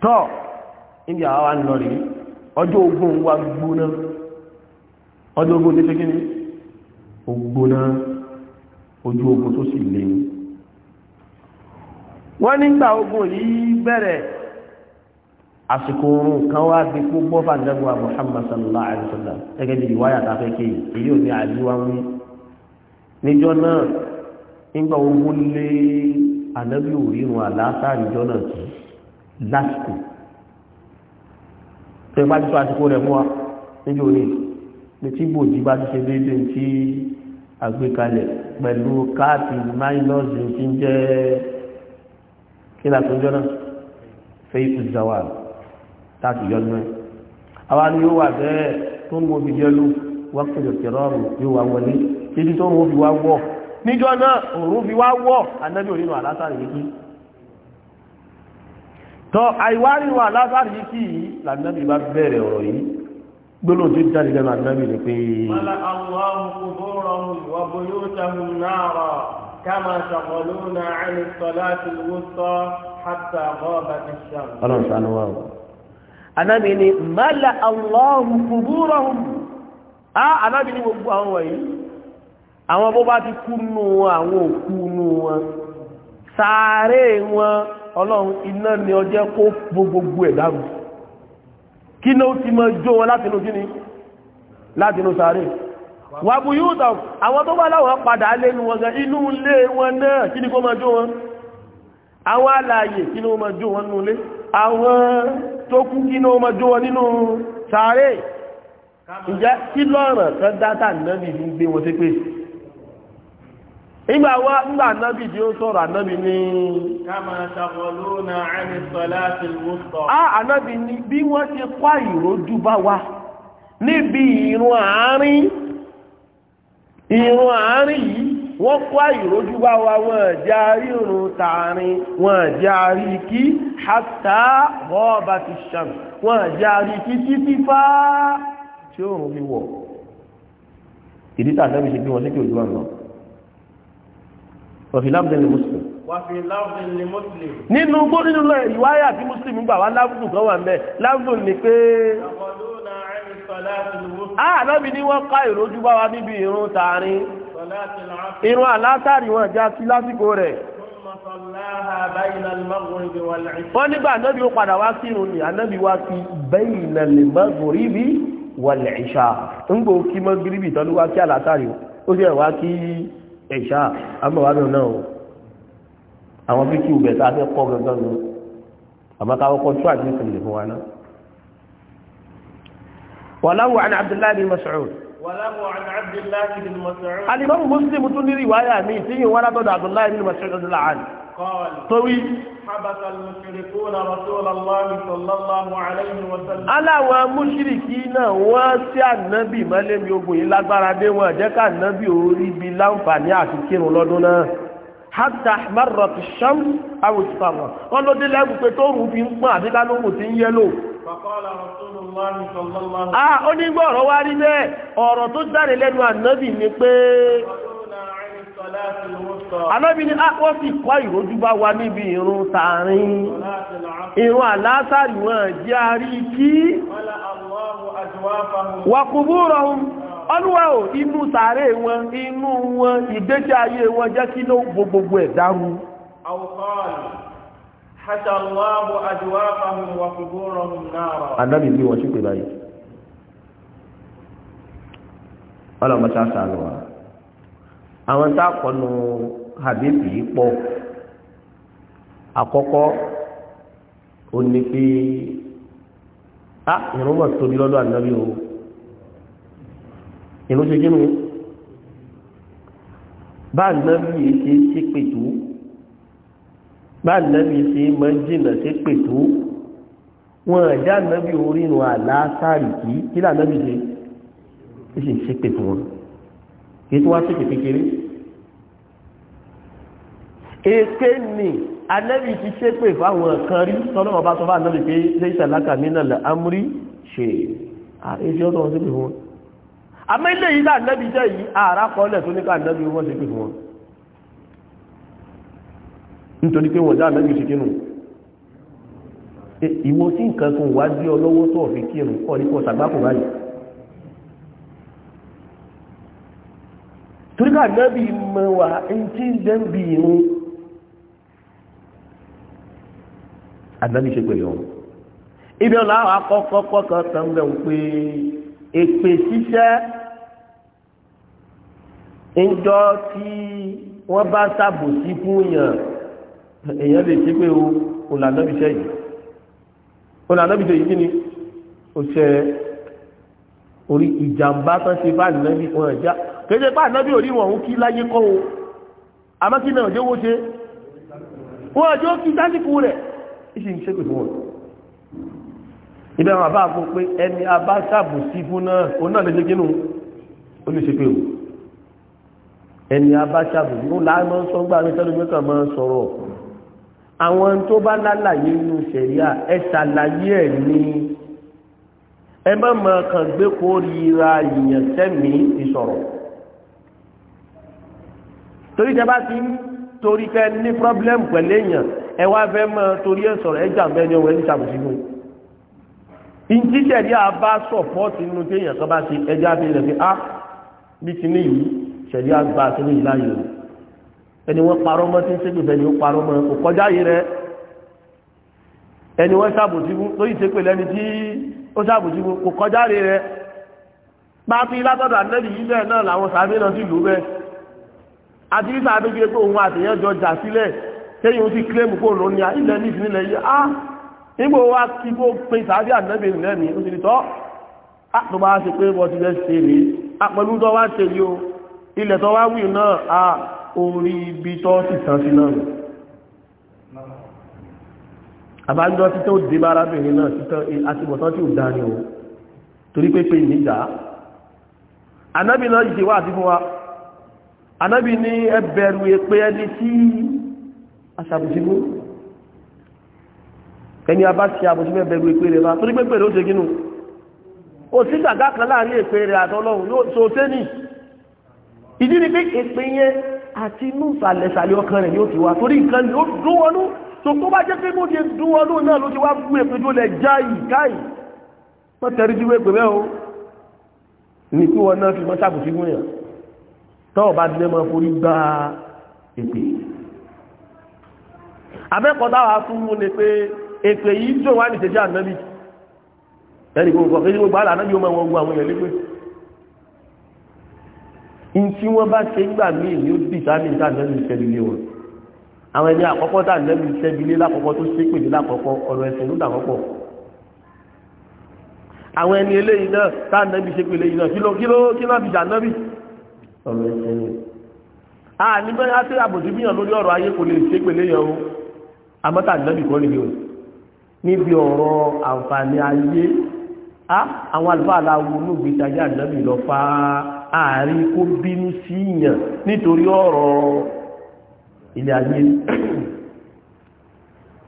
tọ́ níbi àwọn wa ń ọjọ́ ogun wa gbóná ọjọ́ ogun ní pékin ogbóná ojú ogun tó sì léwu wọ́n nígbà ogun yìí bẹ̀rẹ̀ àsìkò oorun kan wá di púpọ̀ fàdàgbà Muhammad sallallahu alayhi wa sallam gẹ́gẹ́ bí ìwáyà tàfẹ́ kéyì èyí ò ní àdúrà mú níjọ́ náà nígbà ogun lé ànábì òrìrùn àlàáfà níjọ́ náà tún lásìkò tẹ́ bá ti sọ àsìkò rẹ̀ mú wa níjọ́ ní ní tí bòjì bá ti ṣe déédéé tí àgbékalẹ̀ pẹ̀lú káàtì máínọ́ọ̀sì tí ń jẹ́ kí làtúnjọ́ náà fẹ́ ìtùzáwàá táàtì yọnu ẹ̀ àwa ni yóò wà bẹ́ẹ̀ tó ń wọ́n fi yẹlu wọ́n kìlọ̀ kìrọ́ọ̀rù yóò wá wọlé títí tó ń wọ́n wá wọ̀ níjọ́ náà òun fi wá wọ̀ anábì onínú àlásàrì yìí kí tọ́ àìwárìnú àlásàrì yìí kí lànàbì bá bẹ̀rẹ̀ ọ̀rọ̀ yìí gbóló tó jáde lẹ́nu ànábì ni pé. ọlọ́run sanu wa anábì ni mala allahu kuburahum á anábì ni gbogbo àwọn wọ̀nyí àwọn bó bá ti kú nù wọn àwọn òkú nù wọn sàárè wọn ọlọ́run iná ni ọjẹ́ kó gbogbogbò ẹ̀ dàrú kí ní ó ti mọ jó wọn láti inú kí ni láti inú sàárè wà bú yóò tàn àwọn tó bá láwọn gan inú ilé wọn náà kí ni kó mọ jó wọn àwọn alààyè kí ni ó mọ jó wọn àwọn tó kú kí ní ọmọ nínú sàárè ìjẹ́ kí lọ́ràn kan dáta nábì ní gbé wọn sí pé ìgbà wá ńgbà nábì tí ó sọ̀rọ̀ ànábì ní kama bí wọ́n wọ́n kó àìrójú wá wa wọ́n jẹ́ àrírun tààrin wọ́n jẹ́ àrí kí hàtà bọ́ọ̀bà ti ṣàm wọ́n jẹ́ àrí kí títí fá tí ó rùn wíwọ̀ ìdí tàbí ṣe bí wọ́n lékè òjú wọn lọ wọ́n fi lábùdẹ̀ ní nínú gbó nínú lọ ìwáyà tí mùsùlùmí gbà wá lábùdù kan wà ń bẹ ni pé ah, àlọ́bí ni wọ́n ká ìrójú bá wa níbi ìrun tààrin irun àlátàrí wọn já sí lásìkò rẹ̀ wọ́n nígbà anábì ó padà wá sí irun ni anábì wá sí bẹ́yìnà lè mọ́gòrí bí wọlẹ̀ ìṣà ń gbò kí mọ́gírí bí tọ́lú wá kí àlátàrí ó sì wá kí ìṣà amọ̀wádùn náà o àwọn bí kí ubẹ̀ tá kọ́ gangan lọ àmọ́ káwọ́ kọ́ tó àdínkù lè fún wa náà wọ́n àná Abdullahi bin alimami muslim tún ní riwaya mi tí yìí wọn látọ̀dọ̀ abdullahi bin mas'ud ọdún láàánú. torí. habasa al-mushrikuna rasulallahi sallallahu alayhi wa sallam. aláwọn mushriki náà wọ́n sí ànábì mọ́lẹ́mi ogun yìí lágbára dé wọn jẹ́ ká ànábì orí bíi láǹfààní àti kírun lọ́dún náà hátà márùn ti ṣam àwòsàmọ̀ wọ́n ló dé lẹ́gùn pé tó rùn fi ń pọ́n àti lálóhùn ti ń yẹ́lò ah ó ní gbọ́ ọ̀rọ̀ wá rí bẹ́ẹ̀ ọ̀rọ̀ tó jáde lẹ́nu ànábì ni pé ànábì ni ah, wọ́n sì kọ́ ìrójú bá wa níbi ìrun tààrin ìrun àlásàrì wọn jẹ́ àrí kí wàkùbúrọ̀ ọlúwà ò inú sàárè wọn inú wọn ìgbésí ayé wọn jẹ́ kí ló gbogbogbò ẹ̀ dárú. Àdábì bí wọ́n ṣípè báyìí. Ọlọ́mọta sàánù wa. Àwọn tá kọnu Habibu yìí pọ̀. Àkọ́kọ́, ó ní pé, ah, ìrúnmọ̀ tóbi lọ́dọ̀ ànábì o. ìlú ṣe gínú bá nàbí ṣe ṣe pètú bá nàbí ṣe mọ́ jìnà ṣe pètú wọn àjá nàbí orínú àlásàrì kí kí là nàbí ṣe ṣe ṣe pètú wọn kí tó wá ṣe pè kékeré èké ni anẹ́bí ti ṣe pè fáwọn kan rí tọ́lọ́mọba tó bá nàbí pé lẹ́yìn sàlákà mí amúrí ṣe àríṣẹ́ ọ̀tọ̀ wọn pè fún wọn àmọ́ ilé yìí láàrínlẹ́bí jẹ́ yìí ààrá kọlẹ̀ tó ní káàrínlẹ́bí wọ́n ṣe pè fún wọn nítorí pé wọ́n dáa lẹ́bí ṣe kínú ìwọ tí nǹkan kan wá gbé ọlọ́wọ́ tó ọ̀fẹ́ kírun kọ́ ní kọ́ sàgbákò báyìí torí káàrínlẹ́bí mọ́ wa ẹni tí ń dẹ́ bí irun àdínábí ṣe pẹ̀lú ọ̀hún ibi ọ̀la àkọ́kọ́ kọ́kọ́ kan bẹ̀ ń pé èpè ṣíṣẹ́ ńjọ́ tí wọ́n bá ṣàbòsí fún yàn èèyàn lè ṣe pé o òlànà bí sẹ́yìn òlànà bí sẹ́yìn kí ni o ṣe orí ìjàmbá tán ṣe bá nàbí wọn ẹ̀já kéde bá nàbí orí wọn òun kí láyé kọ́ o àmọ́ kí náà jẹ́wọ́ ṣe wọ́n ẹ̀jọ́ kí dásìkò rẹ̀ ìṣì ń ṣépè fún wọn ìbẹ̀rún àbá àgbo pé ẹni abá ṣàbòsí fún náà òun náà lè ṣe kínú ó lè ṣe pé o ẹni abáṣàbò ló láàmọ́ sọ́gbà ní tẹ́lẹ̀mẹ́kà máa sọ̀rọ̀ àwọn tó bá lálàyé inú ṣẹ̀ríà ẹ ṣàlàyé ẹ̀ ní ẹ má máa kàn gbé kórìíra ìyàn sẹ́mi ìsọ̀rọ̀ torí tẹ ti ń torí kẹ ní pọ́blẹ́mù pẹ̀lú èèyàn ẹ wá fẹ́ máa torí ẹ sọ̀rọ̀ ẹ jàǹbẹ́ ni ọ̀rẹ́ ní ṣàbùsí fún un ìjíṣẹ̀ríà bá sọ̀pọ̀tì nínú téèyàn kan bá ṣe ẹjá fi rẹ̀ fi á ah, bí ti ní yìí ṣẹ̀lí àgbà àtẹ́lẹ̀ ìláyò ẹni wọ́n parọ́ mọ́ tí ń ni ó parọ́ mọ́ kò kọjá yìí rẹ ẹni wọ́n ṣàbòsí fún lóyìn ṣe pé lẹ́ni tí ó ṣàbòsí fún kò kọjá rẹ rẹ pápí látọ̀dọ̀ àtẹ́lẹ̀ yìí bẹ́ẹ̀ náà làwọn sàmì náà sì lù ú bẹ́ẹ̀ àti nígbà tó gbé pé òun àtẹ̀yẹ́ jọ jà sílẹ̀ tẹ́yìn ó sì kílẹ̀mù kó lò ní ilẹ̀ ní ìsinilẹ̀ yìí á ah! nígbò wá kí bó ah! pé sàábí ah! àtẹ́lẹ̀ ilẹ̀ tó wá wí náà a orí ibi tó sì tán sí náà àbájọ́ tí tó dé bárábìnrin náà títán àtibọ̀tán tí ò dání o torí pé pé ìníjà anábì náà yìí wà sí fún wa anábì ní ẹbẹ̀rù èpè ẹni tí aṣàbùsíbú ẹni a bá ṣe àbùsíbú ẹbẹ̀rù èpè rẹ̀ bá torí pé pèrè ó ṣe gínú òsí gàgá kan láàrin èpè rẹ̀ àtọ́lọ́hùn yóò ṣe ní ìdí ni pé èpè yẹn àti inú ìsàlẹ̀sàlẹ̀ ọkàn rẹ̀ ni ó ti wá torí nǹkan ni ó dún wọnú tó tó bá jẹ́ pé bó ṣe dún wọnú náà ló ti wá bú èpè tó lẹ̀ já yìí káyì wọ́n tẹ̀rí sí wẹ́pẹ̀ o ní kí wọn náà fi mọ́ ṣàkóso fún yàn tọ́wọ́ bá dilẹ̀ máa forí gba èpè abẹ́kọ̀ọ́ táwa fún mú ni pé èpè yìí tó wá nìṣẹ́jẹ́ ànábì ẹnì kò kọ̀ kí ni gbogbo àlànà yóò máa wọ gbogbo àwọn èèyàn lé in tí wọ́n bá ṣe gbà míì ní ó dìtámì tàbí ìṣẹ́bílé wọn àwọn ẹni àkọ́kọ́ tàbí ìṣẹ́bílé lákọ́kọ́ tó ṣe pèlé lákọ́kọ́ ọ̀rọ̀ ẹ̀sìn ló dàkọ́kọ́ àwọn ẹni eléyìí náà tàbí ṣe pèlé yìí náà kí ló kí ló kí ló bìjà náà bì ọ̀rọ̀ ẹ̀sìn ni a ní bẹ́ẹ̀ á sí àbòjú bíyàn lórí ọ̀rọ̀ ayé kò lè ṣe pèlé la wo ní ògbésí ayé ààrí kó bínú sí ìyàn nítorí ọ̀rọ̀ ilé ayé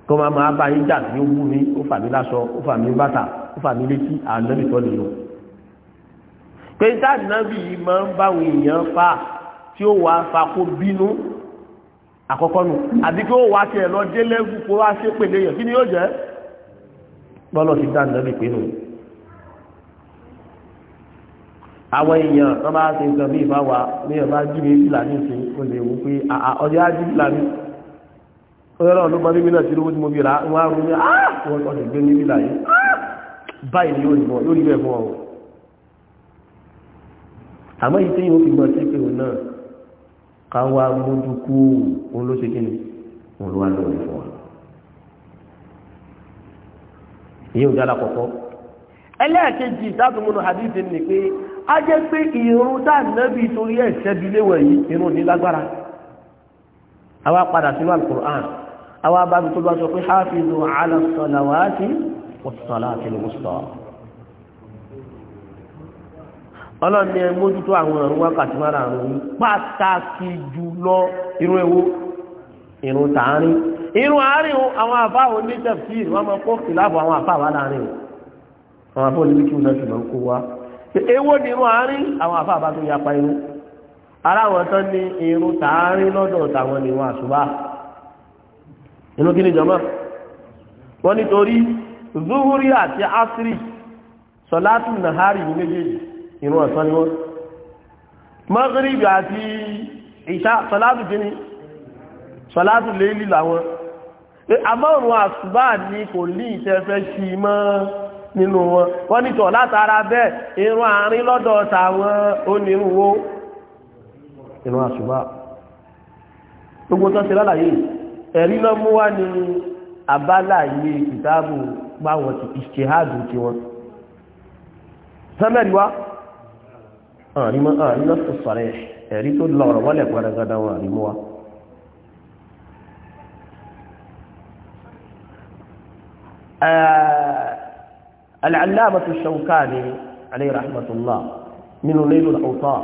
kọ́ máa máa bá yín jà tí ó mú mi ó fà mí láṣọ ó fà mí bàtà ó fà mí létí ànábì tó lè lò pé táàdì náà bí yìí máa ń báwọn èèyàn fa tí ó wàá fa kó bínú àkọ́kọ́ nù àbí kí ó wàá tiẹ̀ lọ délẹ́gùn kó wá ṣépè léyàn kí ni yóò jẹ́ bọ́lọ̀ ti dá ànábì pé nù. àwọn èèyàn tó bá ṣe nǹkan bí ìbá wa bí ọba jíbi fìlàní sí o lè wò pé ọjọ́ ájí fìlàní ọlọ́rọ̀ ló bá níbi náà tí lówó tí mo bí ra wọ́n á rú ní àwọn ọ̀sẹ̀ gbé ní fìlàní báyìí ni yóò rí bẹ́ẹ̀ fún ọ àmọ́ yìí tí yóò fi mọ̀ sí pé òun náà ká wá mójú kú òun ló ṣe kí ni òun ló wá lọ́wọ́ fún wa ìyẹn ò dára kọ̀kọ́ ẹlẹ́ẹ̀kejì ìtàkùnmọ́nà a jẹ́ pé ìrún tá nẹ́bí torí ẹ̀ ṣẹ́bíléwẹ̀ yìí ìrún ní lágbára àwa padà sínú al-Qur'an àwa bábi tó bá sọ pé hafizu ala salawati was-salati al-wusta ọlọ́ni ẹ mójútó àwọn ọ̀run wákàtí mára àrùn pàtàkì jùlọ irun ewu irun tààrin náà ṣùgbọ́n kó wá ewó ni irun àárín àwọn àfáàbá tó yapa irun ara àwọn tán ní irun tààrin lọ́dọ̀ tàwọn ni wọn àṣùbá inú kí ni jọmọ́ wọ́n nítorí zuhuri àti asiri sọlátù nàhárì ní méjèèjì irun ọ̀sán ni wọ́n mọ́gíríbì àti ìṣá sọlátù kí ni sọlátù lè lílọ àwọn àṣùbá ni kò ní ìtẹ́fẹ́ sí mọ́ nínú wọn wọ́n nítọ̀ látara bẹ́ẹ̀ irun àárín lọ́dọ̀ tàwọn onírúwó irun àṣùbá gbogbo tó ṣe lálàyé ẹ̀rí lọ mú wá ní abala ilé kìtàbù báwọn ti ìṣèhádù ti wọn sẹ́mẹ̀rí wá àrímọ́ al-allamatu ash-shawkani alayhi rahmatullah nínú Nailul Awtar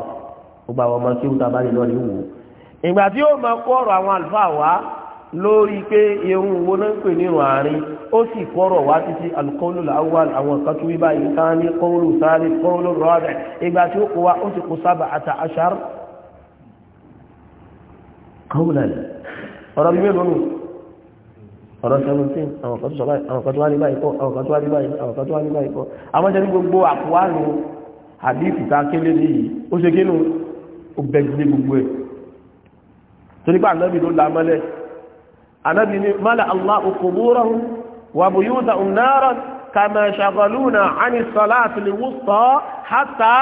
gbogbo àwọn ọmọ tí ó tàbá ní lọ́rí wò ìgbà tí ó máa kọ́ ọ̀rọ̀ àwọn àlùfáà wá lórí pé irun wo náà ń pè nírun àárín ó sì kọ́rọ̀ wá títí al-qawlul awwal àwọn kan tó wí báyìí ká ní qawlu thalith qawlu rabi' ìgbà tí ó kó wá ó sì kó sab'ata ashar qawlan ọ̀rọ̀ bí mélòó nù ọ̀rọ̀ seventeen àwọn kan tó báyìí àwọn kan tó wá rí báyìí kọ́ àwọn kan tó wá rí báyìí àwọn kan tó wá rí báyìí kọ́ àwọn jẹ́ ní gbogbo àpòwánu àdìsí tá a kélé nìyí ó ṣe kínú ó bẹ̀gbẹ̀ gbogbo ẹ̀ torí pé ànábì ló la mọ́lẹ̀ ànábì ní mala allah quburahum wa buyutahum naran kama shaghaluna ani salati li wusta hatta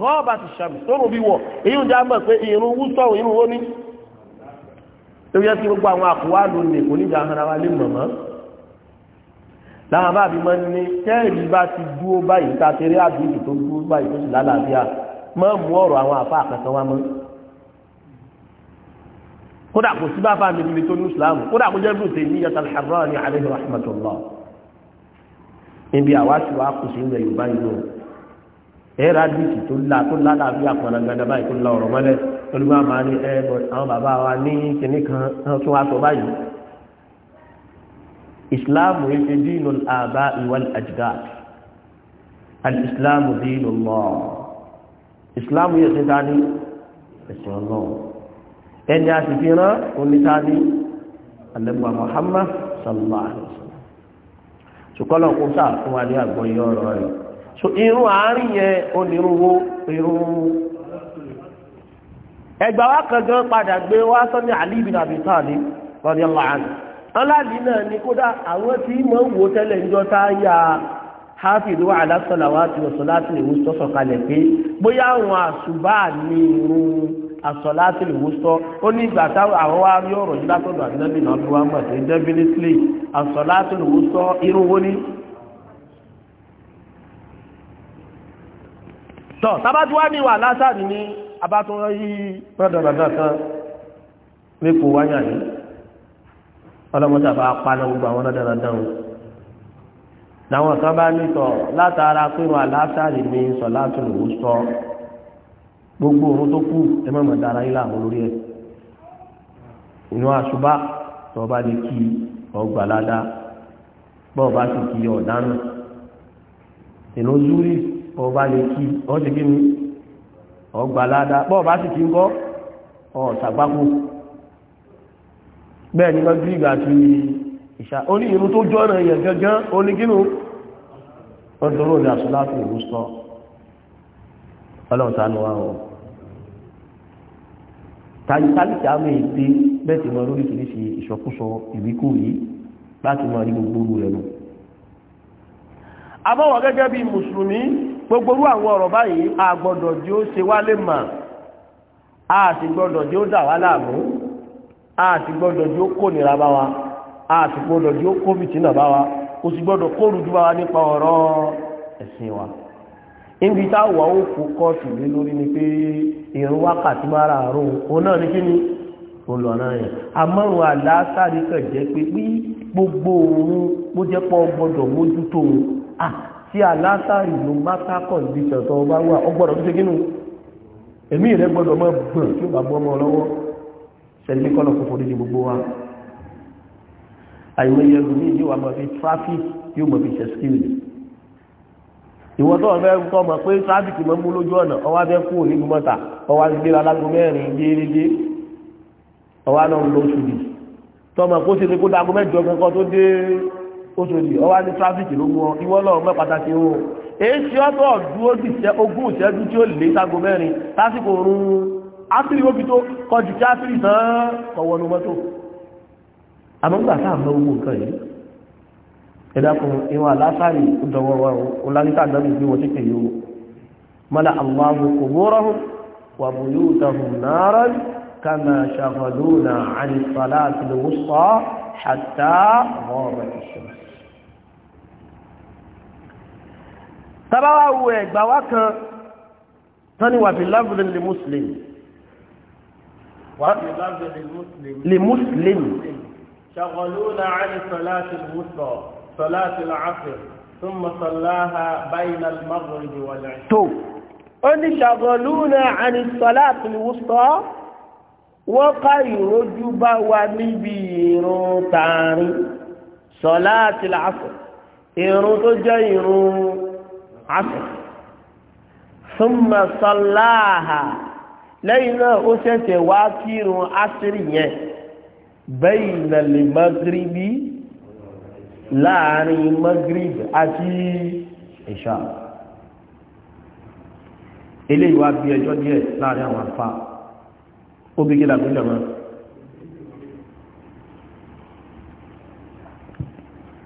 ghabat ash-shams sọ̀rọ̀ bí wọ̀ èyí ń já mọ̀ pé ìrún wúsọ̀ ìrún ó ní tó yẹ kí gbogbo àwọn àkùwá ló lè kò níjà ara wa lè mọ̀mọ́ láwọn báàbí mọ́ ní tẹ́ẹ̀lì bá ti dúó báyìí ta tẹ́rẹ́ àdúgbò tó dúó báyìí tó sì lálàáfíà mọ́ mú ọ̀rọ̀ àwọn àfa àkàtàn wa mọ́ kódà kò sí bá mi níbi tó ní islam kódà kò jẹ́ bí òtẹ́ ní yàtà alḥarrani alayhi rahmatullah níbi àwa sì kù sí ilẹ̀ yorùbá yìí lò ẹ̀rọ àdúgbò tó lálàáfíà kan olùgbà máa ní ẹ àwọn bàbá wa ní kinní kan tún wá sọ báyìí ìsìláàmù yìí ṣe dínú àbá ìwà ajdad alìsìláàmù dínú lọ ìsìláàmù yìí ṣe dání ẹ̀sìn ọlọ́run ẹni a sì fi rán onítàní alẹ́gbà Muhammad sallallahu alaihi wasallam ṣùkọ́lọ̀ kó sáà fún wa ní àgbọ̀nyọ́ rẹ̀ so irun àárín yẹn onírúwó irun ẹgbà wa kan gan padà gbé wá sọ́ni Ali bin Abi Talib radiyallahu anhu naa náà ni kódà àwọn tí mọ̀ ń tẹ́lẹ̀ ńjọ́ a ya hafi ala salawati wa salati al-wusta sọ̀kalẹ̀ pé bóyá àwọn àṣùbà ní irun as-salati al-wusta ó ní ìgbà táwọn àwọn wá rí ọ̀rọ̀ yìí látọ̀dọ̀ náà bí wọ́n mọ̀ ni. tọ́ ni wà lásán ni abátúnrán yìí rádàrádà kan mẹ́kọ̀ọ́ wáyà yìí ọlọ́mọdé àbá paná gbogbo àwọn rádàrádà wọn làwọn kan bá nítọ̀ látara pínrún aláṣàrì ní sọ̀látò lòó sọ gbogbo òun tó kù ẹ má mọ̀ dára yìí láàmú lórí ẹ̀ inú àṣùbá tó bá lè kí ọgbà ládàá bọ́ọ̀ bá sì kí ọ̀dánù inú zúrí ọba lè kí ọ́ ti kí ni ọgbà ládá bọ́ọ̀ bá sì kí ń gọ́ ọ̀sàgbákò bẹ́ẹ̀ ni wọ́n gírígà tí ìṣà oní irun tó jọ́ ọ̀nà èèyàn gangan onígínú ọdọ́rọ̀ ní àṣọláfì ìlú sọ ọlọ́ọ̀tánú wa ọ̀ tàbí àmì ìpé bẹ́ẹ̀ tí wọ́n lórí kìíṣe ìṣọkúsọ ìwíkú yìí láti máa rí gbogbo rẹ̀ lọ àbọ̀wọ̀ gẹ́gẹ́ bí mùsùlùmí gbogbo orú àwọn ọ̀rọ̀ báyìí a gbọ́dọ̀ tí ó ṣe wá lè mà a sì gbọ́dọ̀ tí ó dà wá láàmú a sì gbọ́dọ̀ tí ó kó nira bá wa a sì gbọ́dọ̀ tí ó kó fìtínà bá wa kò sì gbọ́dọ̀ kó rújú bá wa nípa ọ̀rọ̀ ẹ̀sìn wa níbi táwọn ó kó kọ́ọ̀tù lé lórí ni pé ìrún wákàtí máa ra àrùn òun náà ní kíni olùwànà yẹn amọ́rùn aláṣáre kàn jẹ́ pé bí gbogbo òun bó gbọ́dọ̀ mójútó òun tí alásàrì ló bá tákọ̀ ìbí ṣẹ̀tọ́ bá wà ó gbọ́dọ̀ tó ṣe gínú èmi rẹ̀ gbọ́dọ̀ mọ́ gbọ̀n tí ó bá gbọ́ mọ́ lọ́wọ́ sẹ́lẹ̀ kọ́lọ̀ kò forí ní gbogbo wa àìmọye ẹlòmíì yóò wà mọ̀ fi traffic yóò mọ̀ fi ṣe skill ìwọ tó wọn fẹ́ kọ́ mọ̀ pé traffic mọ́ mú lójú ọ̀nà ọwá fẹ́ kú ní gbọ́mọ̀ta ọwá ti gbé alágbó mẹ́rin déédé ọwá náà ń lọ sùdì tọmọ kó ṣe kankan tó dé òṣòdì ọwá ní tráfíkì ló mú ọ ìwọ lọ́wọ́ mẹ́ pàtàkì o èsì ọ̀tọ̀ dúró di ogún ìṣẹ́jú tí ó lé sago mẹ́rin lásìkò oorun áfírí ó fi tó kọjú kí áfírí tán kọ̀wọ́ ní mọ́tò àmọ́ gbà sáà owó nǹkan yìí ẹ̀dá fún ìwọ̀n aláṣàrì ìdọ̀wọ́ wọn ò lálítà náà ní ti kèyí o mọ́lá àwọn àmukùnmọ́rọ̀hún wà bùyútàhùn náà kama ṣàfàdúnà àìsàlá àti lòwúsọ́ حتى ọ̀rọ̀ الشمس. tabawo ẹgbà wá kan tani wà fi lábùlẹ̀ lè mùsùlùmí wà fi lábùlẹ̀ lè mùsùlùmí شغلونا عن صلاة الوسطى صلاة العصر ثم صلاها بين المغرب والعشاء تو أن شغلونا عن الصلاة الوسطى wọ́n ká ìrójú bá wa níbi ìrun tààrin sọ̀lá àti làásù ìrun tó jẹ́ ìrun àsù súnmọ̀ sọ̀láàhà lẹ́yìn náà ó ṣẹ̀ṣẹ̀ wá kírun àṣírí yẹn bẹ́yìn nà lè mọ́gíríbí láàrin mọ́gíríbí àti ìṣà eléyìí wá bí ẹjọ́ díẹ̀ láàrin àwọn àfáà ó bí kí làkúnjọ mọ́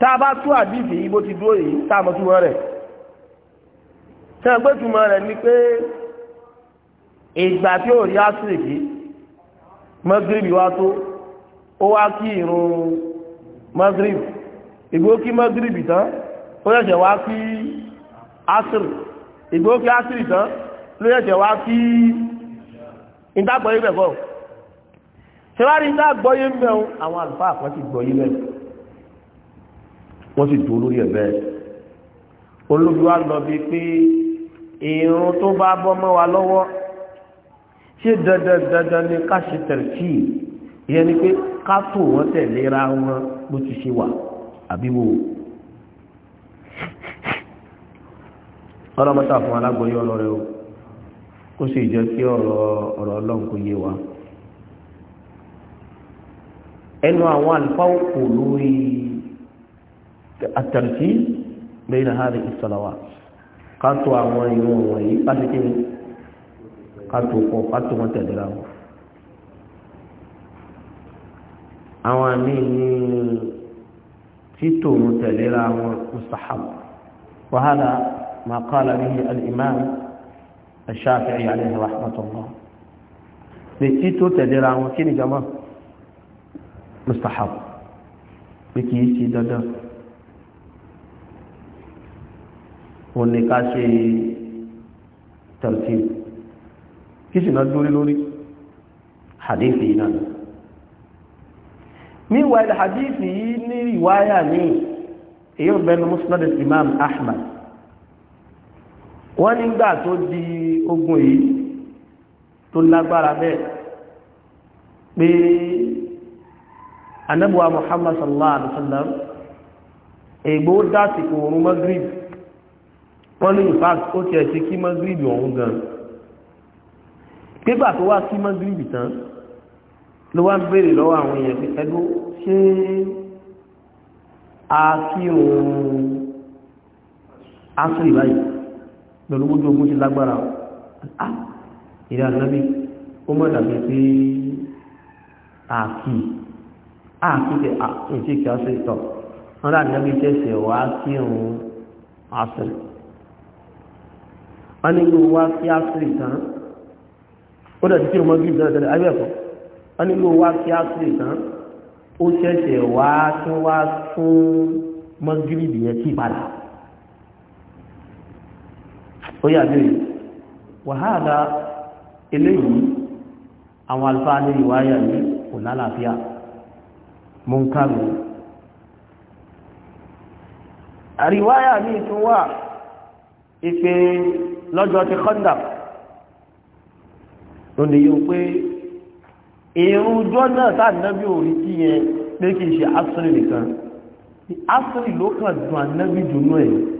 tá a bá tú àdìsí yìí bó ti dúró yìí tá a mọ̀ túmọ̀ rẹ̀ tẹ́ pé túmọ̀ rẹ̀ ni pé ìgbà tí ò rí áṣìkì mọ́gírìbì wá tó ó wá kí ìrun mọ́gírìbì ìgbó kí mọ́gírìbì tán ó yẹ̀ṣẹ̀ wá kí áṣìrì ìgbó kí áṣìrì tán ló yẹ̀ṣẹ̀ wá kí ìdágbọ́ yìí bẹ̀bọ̀ ṣẹwárí ìdágbọ́ yìí mẹ́un àwọn àlùfáà kan ti gbọ́ yìí mẹ́un wọ́n sì dúró lórí ẹ̀ bẹ́ẹ̀ olóbiwá lọ bí pé ìrun tó bá bọ́ mọ́ wa lọ́wọ́ ṣé dandan dandan ni ká ṣe tẹ̀rẹ̀tì ìyẹn ni pé ká tò wọ́n tẹ̀léra wọn bó ti ṣe wà àbíwò ọlọ́mọta fún alágbóyé ọlọ́rẹ́ o kó sì jẹ́ kí ọ̀rọ̀ ọ̀rọ̀ ọlọ́run kó yé wa ẹnu àwọn àlùfáà kò lórí àtàrtí bẹ́ẹ̀rẹ̀ ha rí ìsọ̀lọ́wà kátó àwọn ìwọ̀n wọ̀nyí pàtàkì kátó pọ̀ kátó wọn tẹ̀lera wọn àwọn àmì ní títò wọn tẹ̀lera wọn mustahab wàhálà ma qala bihi Al-Shafi'i alayhi rahmatullah retí tó tẹ̀lera wọn kí ni jama mustahab pé kìí ṣe dandan wọn ni ká ṣe tẹ̀lẹ̀tì kí sì náà dúrí lórí hadithi yìí náà meanwhile hadithi yìí ní ìwáyà ní èyí ò bẹnu imam ahmad wọ́n nígbà tó di ogun yìí tó lágbára bẹ́ẹ̀ pé anábùwà Muhammad sallallahu alaihi wasallam ègbó dásìkò oòrùn magrib wọ́n ní ìfàkì ó tiẹ̀ sí kí magrib ọ̀hún gan pígbà tó wá sí magrib tán ló wá ń béèrè lọ́wọ́ àwọn èèyàn pé ẹgbó ṣé a kírun asùn ìbáyìí pẹ̀lú gbogbo ogun ti lágbára ah, ìrẹ́ ànábì ó mọ̀ dàbí pé àkì àkì tẹ àkìtì kí a ṣe tọ̀ wọ́n rà ànábì tẹ̀sẹ̀ wá kí òun àṣírí wọ́n ní gbogbo wá kí àṣírí tán ó dàbí kí ọmọ gírí tẹ́lẹ̀ tẹ́lẹ̀ ayébẹ̀kọ́ wọ́n ní gbogbo wá kí àṣírí tán ó ṣẹ̀ṣẹ̀ wá tún wá tún mọ́ bìyẹn kí padà ó yà bí i wàhálà eléyìí àwọn alfa ní ìwáyà ní kò lálàáfíà munkaru àríwáyà ní tún wà ìpè lọ́jọ́ ti kọ́ndà tó ní yóò pé èrò ọjọ́ náà tàbí orí kí yẹn pé kìí ṣe asiri nìkan asiri ló kàn dùn ànábì jùnú ẹ̀yìn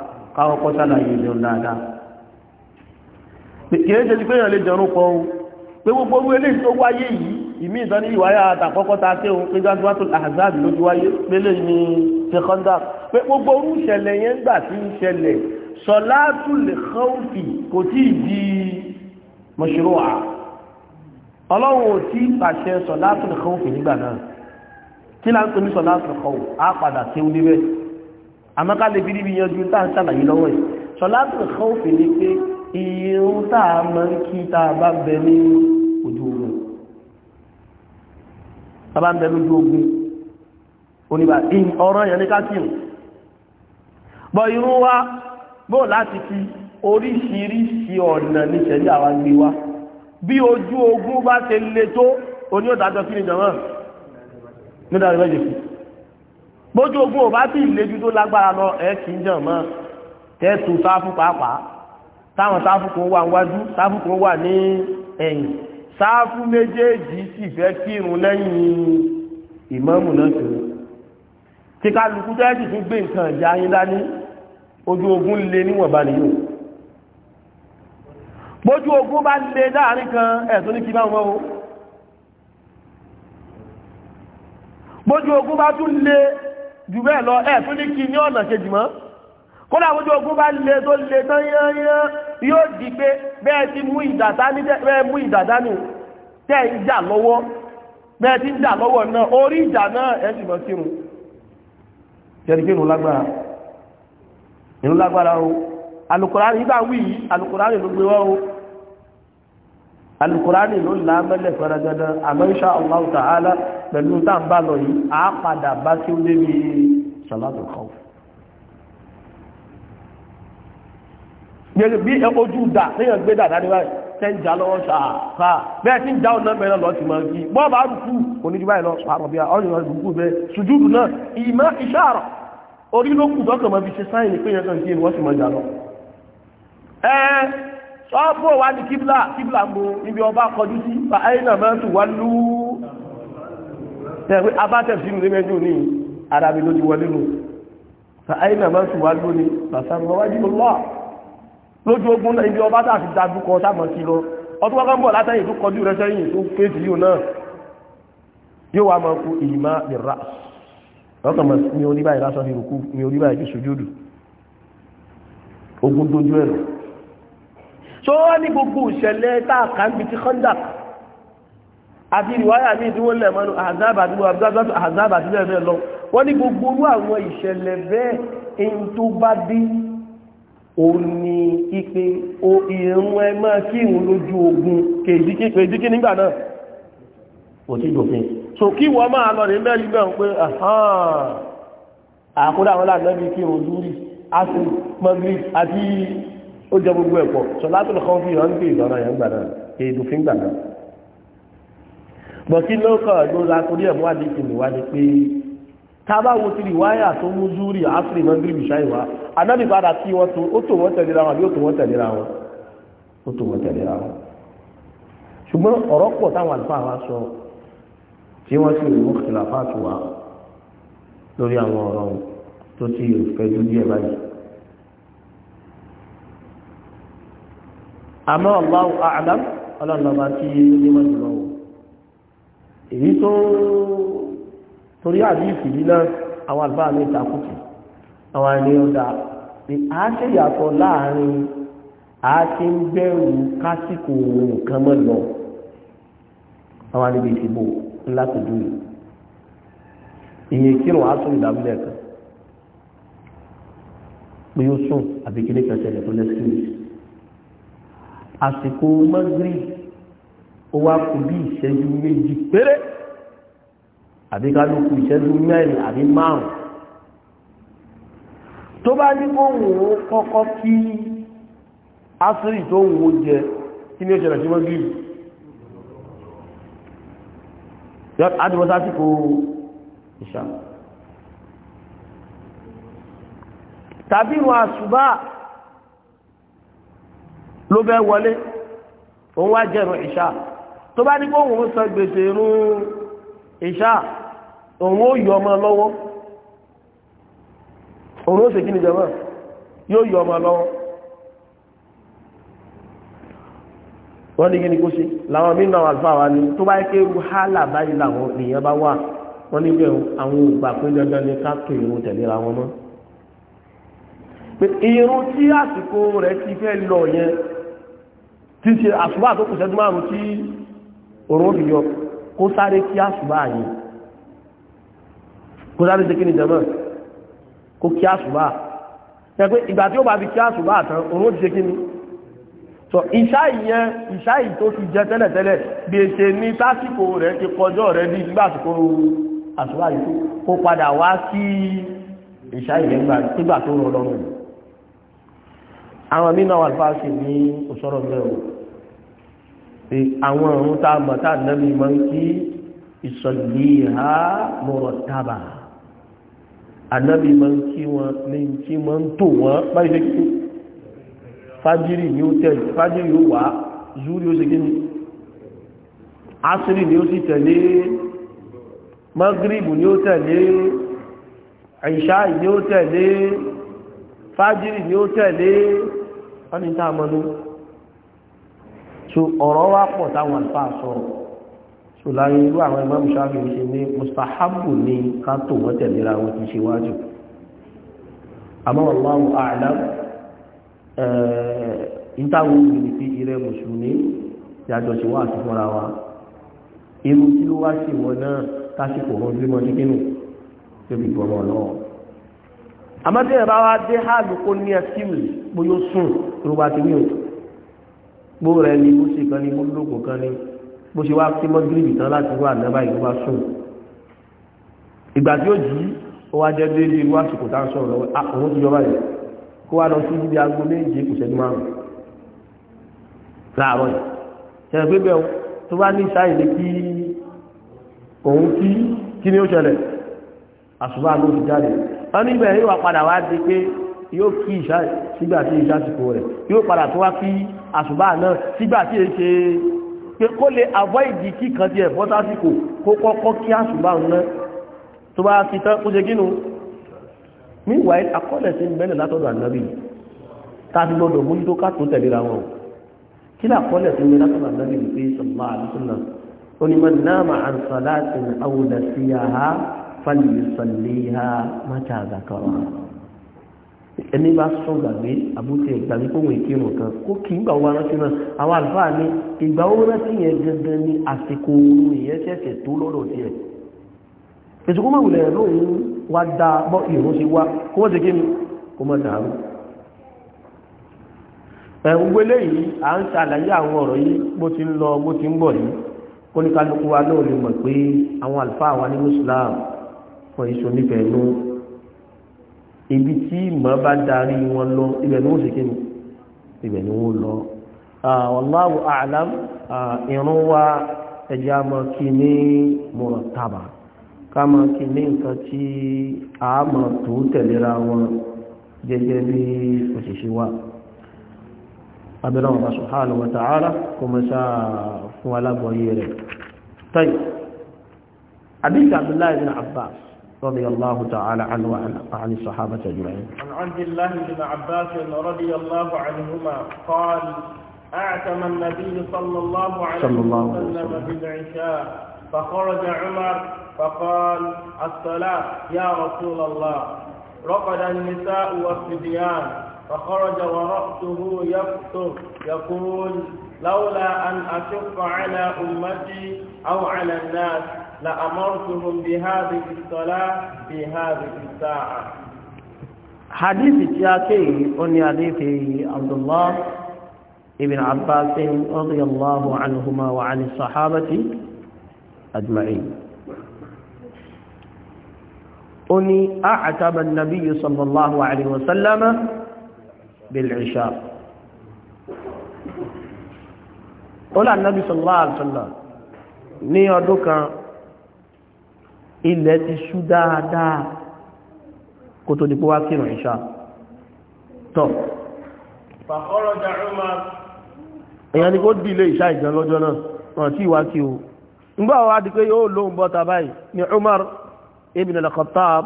káwọ́ kọ́ sálàyé ìjọ dáadáa kìí ṣe ti pé èèyàn lè jọrún pọ̀ o pé gbogbo orú eléyìí tó wáyé yìí ìmí ìtàn ní ìwáyà àtàkọ́kọ́ ta ké òun pé gbájúwátò àzáàbì ló ti wáyé pélé ní sekọ́ndà pé gbogbo orú ìṣẹ̀lẹ̀ yẹn gbà tí ń ṣẹlẹ̀ sọ̀látù lè kọ́ọ̀fì kò tí ì di mọ̀ṣúrò à ọlọ́run ò tí ì pàṣẹ sọ̀látù lè kọ́ọ̀fì nígbà náà kí láǹtọ́ ní sọ̀látù lè kọ́ọ̀fì á padà tí ó débẹ̀ àmọ́ ká lè fi níbi yanjú tá à ń ṣàlàyé lọ́wọ́ ẹ̀ ṣọlátùl khawfi ni pé iye ohun tá a kí tá a bá bẹ ní ojú ogun tá a bá ń bẹ lójú ogun oníbà ọ̀rọ̀ yẹn ní ká kí bọ̀ irun wa bó láti fi oríṣiríṣi ọ̀nà ní ṣẹ̀lẹ̀ àwọn gbé wa bí ojú ogun bá ṣe le tó oní ọ̀dájọ́ kí ni jọ̀wọ́ nígbà ìrẹ́jẹ̀ bójú ogun ò bá sì léjú tó lágbára lọ ẹ kì í jàn mọ́ tẹ́tù sáfù pàápàá táwọn sáfù kan wà níwájú sáfù kan wà ní ẹ̀yìn sáfù méjèèjì sì fẹ́ kírun lẹ́yìn ìmáàmù náà tó tí kálukú tẹ́ẹ̀tì tún gbé nǹkan ìjà yín dání ojú ogun lè níwọ̀nba nìyó bójú ogun bá lè dáàrin kan ẹ̀tún ní kí bá wọn o bójú ogun bá tún lè jù bẹ́ẹ̀ lọ ẹ̀ tún ní kí ní ọ̀nà kejì mọ́ kódà àwọn ojú ogun bá le tó le tán yányán yóò di pé bẹ́ẹ̀ ti mú ìdàdá ní bẹ́ẹ̀ mú ìdàdá nù tẹ́ ń jà lọ́wọ́ bẹ́ẹ̀ ti ń jà lọ́wọ́ náà orí ìjà náà ẹ̀ sì mọ́ kírun tẹ́lẹ̀ kírun lágbára ìrún lágbára o alukurani yìí bá wí yìí alukurani ló gbé wá o alukurani ló là á mẹ́lẹ̀ fẹ́rẹ́ dandan àmọ́ insha Allah ta'ala pẹ̀lú tàbá lọ yìí a padà bá tí ó débi salatul khawf bí ojú dà léyàn gbé dà dání báyìí tẹ́ ń jà lọ́wọ́ ṣáà bẹ́ẹ̀ tí ń já ọ̀nà mẹ́rin lọ sí máa kí bọ́ bá rúkú oníjú báyìí lọ pàrọ̀ bí ọ̀rìn rúkú bẹ́ẹ̀ sùjúdù náà ìmọ̀ ìṣàrọ̀ orí ló kù tọ́kàn máa fi ṣe sáyìn pé yẹn kàn kí ni wọ́n sì máa ní kíbla kíbla mo níbi ọba kọjú sí fa aina ma tuwallu tẹ́gbẹ́ abátẹ̀ sínú ní mẹ́jọ ní arabi ló ti wọlé nù fàáyínà máa ń sùn wá lónìí bàtà ń wájú lọ́wọ́ lójú ogun náà ibi ọba tá a ti dájú kọ sáàmọ̀ sí lọ ọdún wọn kàn bọ̀ látẹ̀yìn tó kọjú rẹ sẹ́yìn tó kéèsì yóò náà yóò wá máa kú ìyìmá ìrà lọ́kàn mọ̀ ní oníbà ìlàsọ ní òkú ní oníbà ìjì sojúdù ogun dojú ẹ̀rọ. sọ wá ní gbogbo ìṣẹ̀lẹ̀ tá a àti ìwáyà ní ìdíwó lẹ̀ mọ́nu àzábà tí lẹ́ẹ̀mẹ́ lọ wọ́n ní gbogbo orú àwọn ìṣẹ̀lẹ̀ bẹ́ẹ̀ in tó bá dé òun ni ipe ìrún ẹ máa kí ìrún lójú ogun kèjìkí nígbà náà kò tí dòfin so kí wọ́n máa lọ rí mẹ́rin mẹ́rin pé àkúdà wọn láti lẹ́bi kí ìrún lórí asin magri àti ó jẹ gbogbo ẹ̀pọ̀ sọ látọ̀lọ́kọ́ fi hàn pé ìdọ̀nà yẹn gbà náà kèjìkí gbà náà bọ̀tí lọ́kọ̀ ló la torí ẹ̀ wádìí ti mi wádìí pé tábà wo ti rí wáyà tó mú zúrì áfírí mọ́ gírí ìṣá ìwá anábì padà tí wọ́n tó ó tò wọ́n tẹ̀léra wọn àbí ó tò wọ́n tẹ̀léra wọn ó tò wọ́n tẹ̀léra wọn ṣùgbọ́n ọ̀rọ̀ pọ̀ táwọn àlùfáà wa sọ tí wọ́n sì rí mọ́kìlá fáàtù lórí àwọn ọ̀rọ̀ tó ti fẹjú díẹ̀ báyìí àmọ́ Allahu a'lam ọlọ́run lọ́ba tí ó ní mọ́ jùlọ wò èyí tó torí àdífì yìí náà àwọn àgbà ní ìtakùtù àwọn ẹni ọ̀dà a ṣe yàtọ̀ láàrin a ti ń bẹ̀rù kásìkò nǹkan mọ́ lọ àwọn àníbi ìdìbò ńlá tó dúró ìyẹn kírun a tún ìdábílẹ̀ kan pé ó sùn àbí kíní kan ṣẹlẹ̀ lẹ́sìn àsìkò mọ́gírì ó wá kú bí ìṣẹ́jú méjì péré àbí kálukú ìṣẹ́jú mẹ́rin àbí márùn tó bá ní kó wò ó kọ́kọ́ kí asiri tó wò ó jẹ kí ni ó ṣẹlẹ̀ sí wọ́n gírí adìmọ́sásíkò ìṣà tàbí wọn àṣùbá ló bẹ́ wọlé òun wá jẹ́rùn ìṣà tó bá ní kó òun san gbèsè irun ìṣá òun ó yọ ọmọ lọ́wọ́ òun ó sì kí ni jọmọ́ yóò yọ ọmọ lọ́wọ́ wọ́n ní kí ni kó ṣe làwọn mí náà àlùfáà wa ni tó bá yẹ kí ewu hálà báyìí làwọn èèyàn bá wà wọ́n ní bẹ́ẹ̀ àwọn ògbà pé dandan ni ká tó ìrun tẹ̀léra wọn mọ́ pé ìrun tí àsìkò rẹ̀ ti fẹ́ lọ yẹn ti ṣe àsùbá tó kù sẹ́dúnmárùn-ún tí òrùn fi yọ kó sáré kí àṣùbá àyè kó sáré ṣe kí ni jẹmọ́ kó kí àṣùbá ṣe pé ìgbà tí ó bá fi kí àṣùbá àtàn òrùn ti ṣe kí ni sọ ìṣá ìyẹn ìṣá yìí tó ti jẹ tẹ́lẹ̀tẹ́lẹ̀ bí e ṣe ní tásìkò rẹ̀ ti kọjọ́ rẹ̀ bí nígbà àsìkò àṣùbá yìí kó padà wá sí ìṣá ìyẹn nígbà tó rọ lọ́rùn àwọn mí náà wà fáṣì ní òṣòro mẹ́rin pé àwọn ọ̀run tá a mọ̀ tá a nẹ́bí máa ń kí ìsọ̀lì ha mọ̀rọ̀ tábà ànábì máa ń kí wọn ní tí máa ń tò wọn báyìí ṣe kí fájírì ní ó tẹ̀lé fájírì ó wà zúrí ó ṣe kí ni asiri ni ó sì tẹ̀lé magribu ni ó tẹ̀lé ìṣáì ni ó tẹ̀lé fájírì ni ó tẹ̀lé wọ́n ni tá a mọ̀ so ọ̀rọ̀ wá pọ̀ táwọn àlùfáà sọ̀rọ̀ so láyé irú àwọn ẹgbẹ́ mùsàlù ṣe ní mustahabu ní ká tó wọ́n tẹ̀léra wọn ti ṣe wájú àmọ́ wallahu a'lam ìtawọ̀ ìrìn fi ìrẹ mùsùlùmí yàjọ sí wá àti fúnra wa irú tí ó wá sí wọn náà tásìkò wọn bí dé hàlù ní ẹsíwì bóyó sùn tó ti ní bó rẹ ni bó ṣe kan ni bó lóko kan ni bó ṣe wá sí mọ́gírìbì tán láti wá àná báyìí wá sùn ìgbà tí ó jì í ó wá jẹ́ déédéé irú àsìkò tá à ń sọ̀rọ̀ lọ́wọ́ àwọn ah, ti yọba yìí kó wá lọ sí ibi aago méje kò ṣẹ́jú márùn láàárọ̀ yìí ṣẹlẹ̀ pé bẹ́ẹ̀ tó bá ní sáyìn ní kí òun kí kí ni ó ṣẹlẹ̀ àṣùbà ló ti jáde wọ́n níbẹ̀ yóò wá padà wá di pé yóò kí ìṣá sígbà tí ìṣá ti kò rẹ̀ yóò padà tó wá kí àṣùbà náà sígbà tí è ṣe pé kó lè avoid kí kan ti ẹ̀fọ́ sásìkò kó kọ́kọ́ kí àṣùbà náà tó bá ti tán kó ṣe kínú meanwhile akọ́lẹ̀ sí mẹ́lẹ̀ látọ̀dọ̀ ànábì tàbí gbọdọ̀ mú tó kàtó tẹ̀léra wọn kí ní akọ́lẹ̀ sí mẹ́lẹ̀ látọ̀dọ̀ ànábì ní pé sọ̀rọ̀ àdúsùnà onímọ̀ náà àn sọ̀lá àti àwòdà sí àhá fàlìyàn sọ̀lé ha mátà ẹni bá sọ gbàgbé àbúté ìgbàgbé kóhun ìkírun kan kó kí ń gbà wọn rántí náà àwọn àlùfáà ní ìgbà ó rántí yẹn dandan ní àsìkò ooru ìyẹn ṣẹ̀ṣẹ̀ tó lọ́dọ̀ tiẹ̀ ètò kọ́mọ̀ ìwòlẹ̀ lóòrùn wá dá bọ́ ìrún sí wá kó wọ́n ti kí ni kó mọ̀ dàrú. ẹ̀hún gbélé yìí à ń ṣàlàyé àwọn ọ̀rọ̀ yìí bó ti ń lọ bó ti ń bọ̀ yìí kó ní kálukú wa náà lè mọ̀ pé àwọn àlùfáà wa ní mùsùlùmí ibi tí ìmọ̀ bá darí wọn lọ ibẹ̀ ni wọ́n ṣe kí ni ibẹ̀ ni wọ́n lọ. wallahu a'lam ìrún wa ẹja mọ́ kí ní murattaba ká mọ́ kí ní nǹkan tí a mọ̀ tó tẹ̀lera wọn gẹ́gẹ́ bí òṣìṣẹ́ wa. abẹ́rẹ́ wọn bá subhanahu wa ta'ala kò mọ́ sáà fún alábọ̀ọ́yé rẹ̀. tayy àbíkà abdullahi bin abbas رضي الله تعالى عنه وعن الصحابة أجمعين. عن عبد الله بن عباس رضي الله عنهما قال أعتم النبي صلى الله عليه صلى الله وسلم بالعشاء فخرج عمر فقال الصلاة يا رسول الله رقد النساء والصبيان فخرج ورأسه يكتب يقول لولا أن أشق على أمتي أو على الناس لأمرتهم بهذه الصلاة بهذه الساعة حديث جاكي أن حديث عبد الله ابن عباس رضي الله عنهما وعن الصحابة أجمعين أني أعتب النبي صلى الله عليه وسلم بالعشاء قال النبي صلى الله عليه وسلم ني أدوكا ilẹ̀ ti ṣú dáadáa kò tó dípò wá kírùn ìṣà tọ́ èyàn ni kó dìlé ìṣà ìjàn lọ́jọ́ náà tí wá kí o ngbà wá di pé yóò lóhun bọ́ta báyìí ni Umar ibn al-Khattab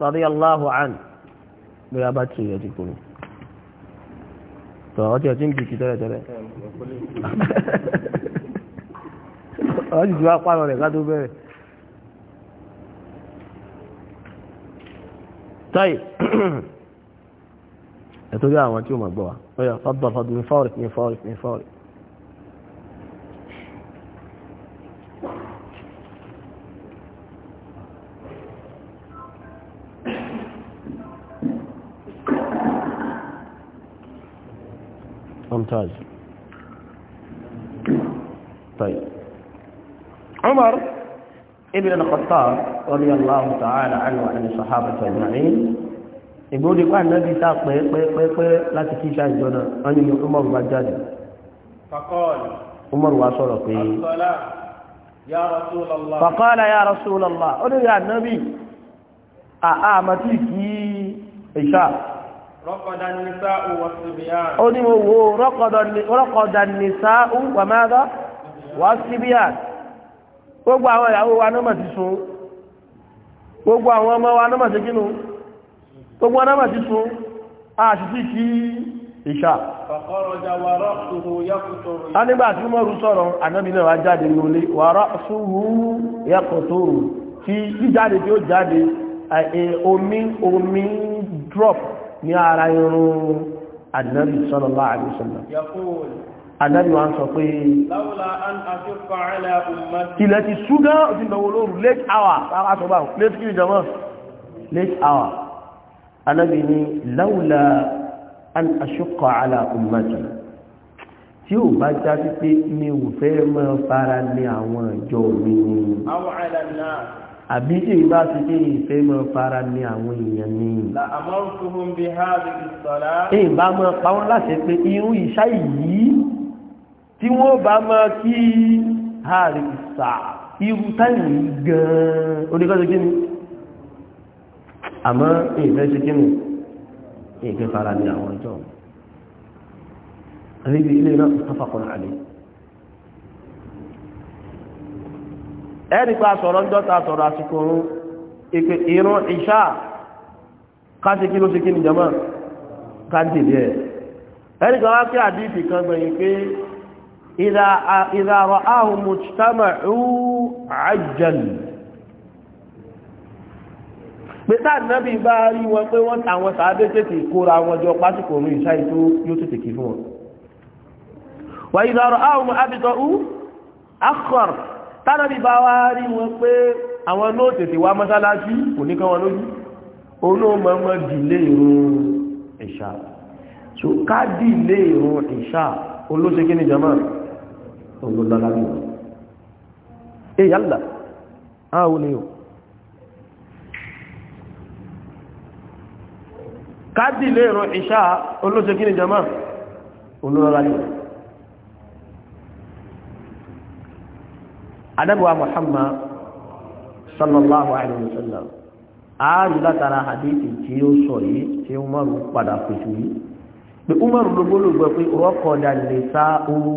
radiyallahu an طيب يتجاه وانتيو مقبوعة فضل فضل من فارق من فارق من فارق ممتاز طيب عمر ابن الخطاب رضي الله تعالى عنه وعن الصحابة أجمعين ìgbóhùn nípa ìnáàbí tá pẹ́ẹ́pẹ́ẹ́pẹ́ láti kí ṣáà ìjọ náà wọ́n ní Umaru bá jáde Umaru wá sọ̀rọ̀ pé faqala ya Rasulallah ó ní ìyá náàbí àmàtí kí ìṣà ó ní owó raqada nisa'u wa madha wa sibiyan gbogbo àwọn ìyàwó wa náà mà ti sun gbogbo àwọn ọmọ wa náà mà ti kínú gbogbo náà mà ti sun àṣìṣì kí ìṣà a nígbà tí mọ́rù sọ̀rọ̀ ànábì náà wá jáde ní olé wàrá súwú yẹ́kọ̀tòrò tí jíjáde tí ó jáde omi omi drop ní ara irun ànábì sallallahu alaihi wasallam Àdábì wa ń sọ pé ilẹ̀ ti ṣúgá òfin ìbẹ̀wò lóòrùn late hour, àwásọ̀bá late kí ìjọmọ́, late hour. Àdábì ni láúlà an aṣọ́kọ̀ ala ummati tí ó bá já sí pé mi ò fẹ́ mọ́ fara ní àwọn ìjọ mi ni. Àbí tí ìbá ti pé ìfẹ́ mọ́ fara ní àwọn èèyàn ni. Ìbá mọ́ pa wọ́n láṣẹ tí wọ́n bá máa kí àrìsà irú táìmù gan oníkọ́sí kí ni àmọ́ èèfẹ́ sí kí ni èèfẹ́ fara ní àwọn ọjọ́ ríbi ilé náà sáfàkọ́nà àlè ẹ̀rí pa sọ̀rọ̀ ń dọ́ta sọ̀rọ̀ àsìkò oorun ìpè ìran ìṣá káṣe kí ló ṣe kí ni jama káńtì díẹ̀ ẹ̀rí wá pé àdìsí kan gbẹ̀yìn pé إذا إذا رآه مجتمع عجل pẹ̀tà náàbí bá rí wọn pé wọ́n tàwọn sàádé tètè kóra wọn jọ pásìkò ní ìṣá ìtó yóò tètè kí fún wọn wà ìdọ̀rọ̀ àwọn àbìtọ̀ ú akọ̀r tánàbí bá wá rí wọn pé àwọn náà tètè wá mọ́sálásí kò ní kán lójú olóòmọ́mọ́ dìlé ìrun ìṣá olóṣe kí ni jama olólára bí wọn e yálà àwọn ni o káàdì lè rọ ìṣá olóṣe kí ni jama olólára bí wọn adabuwa muhammad sallallahu alaihi wasallam a yi látara hadithi tí ó sọ yìí tí ó mọ́rún padà pẹ̀sù yìí pé umar gbogbo gbọ́ pé rọ́kọ̀dà lè sá owó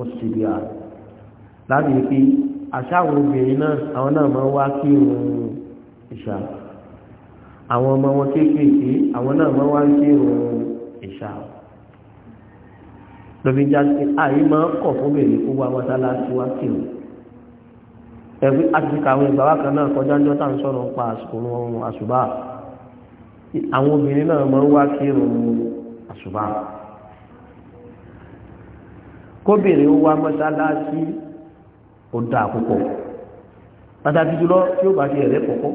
òṣèlú à láti rí pé àṣàwọn obìnrin náà àwọn náà máa wá kí irun ìṣà àwọn ọmọ wọn kéékèèké àwọn náà máa wá kí irun ìṣà lóbi já sí àyè máa kọ̀ fún bèrè kó wá mọ́sálásí wá kí irun ẹ̀fí àtìkà àwọn ìgbà wákan náà kọjá ní ọ̀tá ń sọ̀rọ̀ ń pa àsìkò wọn àṣùbà àwọn obìnrin náà máa wá kí irun àṣùbà kóbìnrin ó wá mọ́sálásí ó dá púpọ̀ pàtàkì jùlọ tí ó bá ti ẹ̀rẹ́ pọ̀pọ̀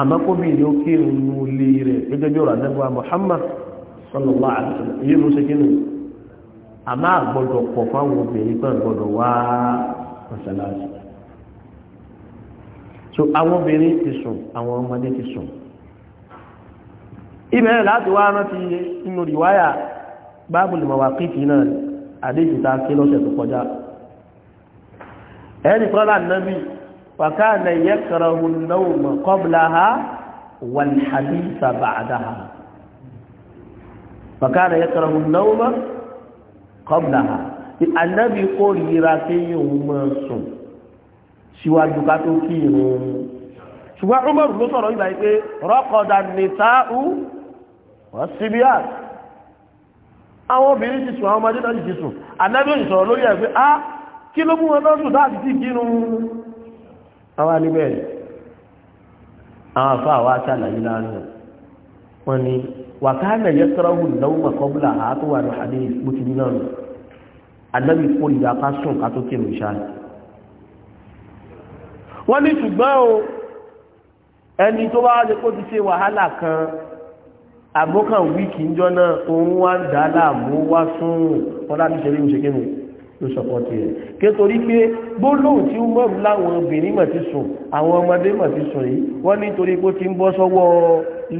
àmọ́ kóbìnrin ó kírun nú ilé rẹ̀ gẹ́gẹ́ bí ọ̀rọ̀ àdẹ́gbà Muhammad sallallahu alaihi wasallam èyí ló ṣe kínú àmọ́ àgbọ́dọ̀ pọ̀ fáwọn obìnrin kan gbọ́dọ̀ wá mọ́sálásí so àwọn obìnrin ti sùn àwọn ọmọdé ti sùn ibẹ̀ láti wá rántí inú ríwáyà báàbùlì mọ̀wàkìtì náà àdéjìta kí lọ́sẹ̀ tó kọjá ẹni kọ́lá nàbí wàkánà yakrahu an-nawm qablaha wal haditha ba'daha wàkánà yakrahu an-nawm qablaha ànábì kórìíra tí yóò mọ́ sùn síwájú ká tó kí ìrùn ṣùgbọ́n Umar ló sọ̀rọ̀ ìgbà yìí pé raqada an-nisa'u wọ́n sí bí àà àwọn obìnrin ti sùn àwọn ọmọdé náà ti sùn àdábí òyìn sọ̀rọ̀ lórí ẹ̀ Ah, á kí ló mú wọn tó sùn láti tí kí irun àwọn alíbẹ̀ àwọn afọ àwọn aṣàlàyé láàrin wọn ni wàkánà yẹ sọ́rọ̀hù lọ́wọ́ kọ́bùlà àátọ́wà ní àdé ìpótìní náà nù àdábí kó ìyá sùn ká tó kírun ẹni tó bá wájú kó ti ṣe wàhálà kan àgbọ́kàn wíkì ń jọ náà oòrùn wá ń dá láàmú wá sún ọlá ní ṣeré ìṣe kíni ló sọpọ̀ ti rẹ̀ kétorí pé gbólóhùn tí ó mọ̀rún láwọn obìnrin mọ̀ ti sùn àwọn ọmọdé mọ̀ ti sùn yìí wọ́n nítorí pé ti ń bọ́ sọ́wọ́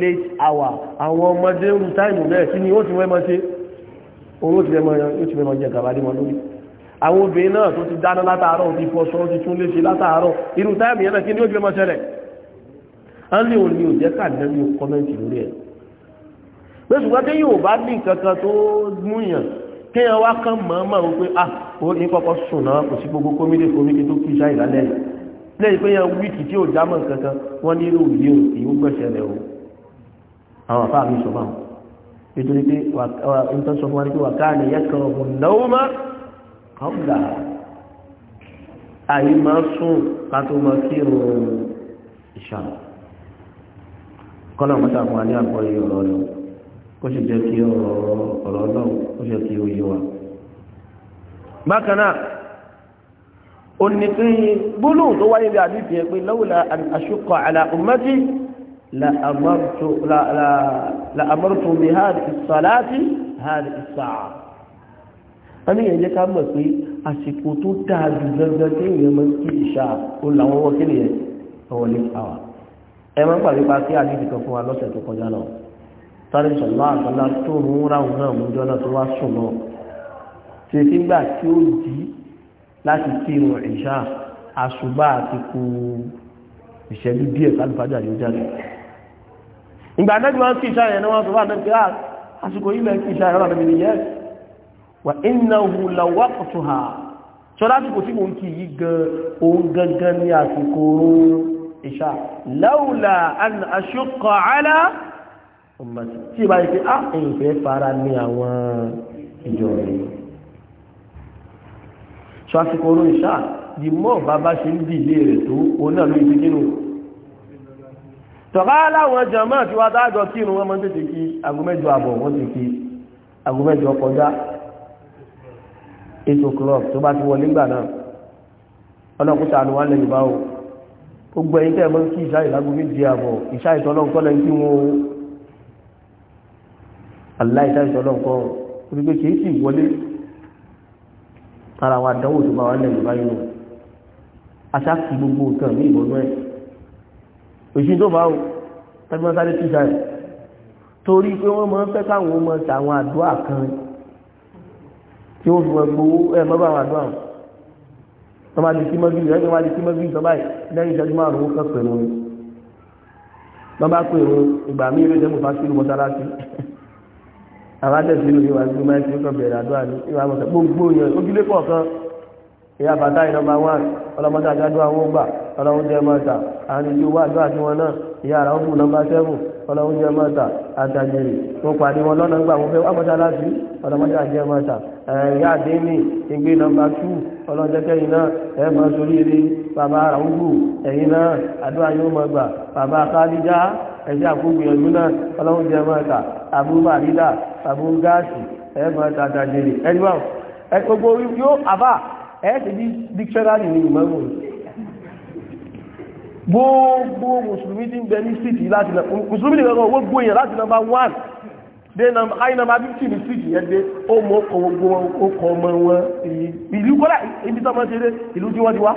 late hour àwọn ọmọdé rú táìmù bẹ́ẹ̀ sí ni ó ti wẹ́ mọ́ ṣe oòrùn ti fẹ́ mọ́ jẹ́ gàbádé wọn lórí àwọn obìnrin náà tó ti dáná látàárọ̀ ti fọṣọ ti tún léṣe látàárọ̀ pé ṣùgbọ́n tí yóò bá ní nǹkankan tó múyàn kí ẹ wá kán mọ́ mọ́ o pé ah ó ní kọ́kọ́ sùn náà kò sí gbogbo kómìnì kómìnì tó kí ṣáà ìlàlẹ́ yìí lẹ́yìn pé yẹn wíìkì tí ò jámọ̀ nǹkankan wọ́n ní irú ìlú ìwú gbẹ̀ṣẹ̀ rẹ̀ o àwọn afá mi sọ máa nítorí pé n tó sọ fún wa ní pé wà káà ní yẹ́kọ̀ ọ̀hún náwó má kọ́ńdà àyè máa sùn ká tó máa kírun ìṣàn kọ́nà mọ́ta fún wa ní àgbọ̀ yìí ọ̀rọ̀ rẹ̀ o ó sì jẹ́ kí ọ̀rọ̀ ọ̀rọ̀ ọlọ́run ó sì jẹ́ kí ó yé wa. bákan náà ó ní pé gbólóhùn tó wáyé bí àdúgbò yẹn pé lawla an ashuqqa ala ummati la amartu la la la amartu bi hadhihi as-salati ní yẹn jẹ́ ká mọ̀ pé àsìkò tó dáa jù gangan tí èèyàn máa ń kí ó làwọn wọ́n kí nìyẹn ọ̀wọ́lé fáwà. ẹ máa ń pàdé pa sí àdúgbò kan fún wa lọ́sẹ̀ tó kọjá náà sáré sọ̀lá àgbàlá tó mú ráhùn náà mú jọ́nà tó wá sùn lọ ṣe sígbà tí ó jí láti kírun ìṣá àṣùbà àti kú ìṣẹ́jú díẹ̀ kálùfájà yóò jáde ìgbà anájú wọn kí ìṣá yẹn ni wọn sọ fún àdájú pé ah, àsìkò yìí lẹ́yìn kí ìṣá yẹn lọ́nà mi yẹ wà innahu lawaqtuha sọlá tí kò tí mò ń kí yìí gan òun gangan ní àsìkò ìṣá lawla an ashqa ummati tí ìbá yìí pé á ah, ẹ̀yìn fẹ́ fara ní àwọn ìjọ rẹ̀ sọ àsìkò orun ìṣá di mọ́ bàbá ṣe ń dìlé rẹ̀ tó òun náà ló ti kínú tọ̀ká láwọn jàmáà tí wá tájọ kírun wọn mọ́ tètè kí aago mẹ́jọ àbọ̀ wọ́n ti kí aago mẹ́jọ kọjá eight o'clock tó bá ti wọlé gbà náà ọlọ́kùnrin àánú wà lẹ́yìn báwo gbogbo ẹ̀yin tẹ́ ẹ mọ́ kí ìṣá ìlágún méjì àbọ̀ ìṣá ìtọ́lọ́kọ́lẹ́ kí wọ́n aláìsáìsọ lọ́nkọ́ orígbé kìí sì wọlé ara wa dánwò tó bá wà lẹ́yìn báyìí lọ aṣáàkì gbogbo nǹkan ní ìbọnú ẹ̀ òṣìṣẹ́ tó bá wò tẹ́gbọ́n sáré tù sáyẹ̀ torí pé wọ́n máa ń fẹ́ káwọn ọmọ tàwọn àdúrà kan tí wọ́n fi wọn gbowó ẹ̀ mọ́ bá wọn àdúrà wọn wọ́n máa di sí mọ́bí rẹ̀ wọ́n máa di sí mọ́bí rẹ̀ báyìí lẹ́yìn ìṣẹ́jú márùn-ún kan pẹ̀lú wọn bá pè wọn ìgbà míì ló jẹ́ mọ̀ fásitì àwọn àtẹ̀sí ìlú ìwà tí ó máa ń tí ó kọ̀ bẹ̀rẹ̀ àdúrà ní ìwà àmọ̀tẹ̀ gbogbo yẹn ojúlé kọ̀ọ̀kan ìyá bàtà ìnọba wọn ọlọmọdé àjádọ́ àwọn ògbà ọlọ́wọ́jẹ́ mọ́ta àti ìlú wà àdúrà tí wọn náà ìyá ara ọkùnrin nọmba sẹ́fùn ọlọ́wọ́jẹ́ mọ́ta àtàjèrè tó pàdé wọn lọ́nà gbà wọn fẹ́ wàmọ́ta láti ọlọ́mọdé àjẹ́ mọ́ta ìyá àdéhìnì ìgbé nọmba tù ọlọ́jẹ́kẹ́yìn náà ẹ̀ mọ́ sórí ilé bàbá ara ọkù ẹ̀yìn náà àdúrà yóò mọ́ gbà bàbá kálíjá ẹ̀jẹ̀ àkógbìyànjú náà ọlọ́wọ́jẹ́ mọ́ta àbúrò àrídà àbò gáàsì ẹ̀mọ́ tàtà jẹ́lẹ̀ ẹgbẹ́ ẹgbogbo yóò àbá ẹ̀ẹ́sì bí dictionary ní ìmọ̀wò gbogbo mùsùlùmí tí ń bẹ ní sítì láti nà mùsùlùmí nìkan owó gbogbo èèyàn láti number one. dé high number 50 ní sítì ẹgbẹ́ ó mọ́ ọkọ̀ gbogbo ọkọ̀ ọmọ wọn ìlú kọ́lá ibi tọ́mọ ti dé ìlú tí wọ́n ti wá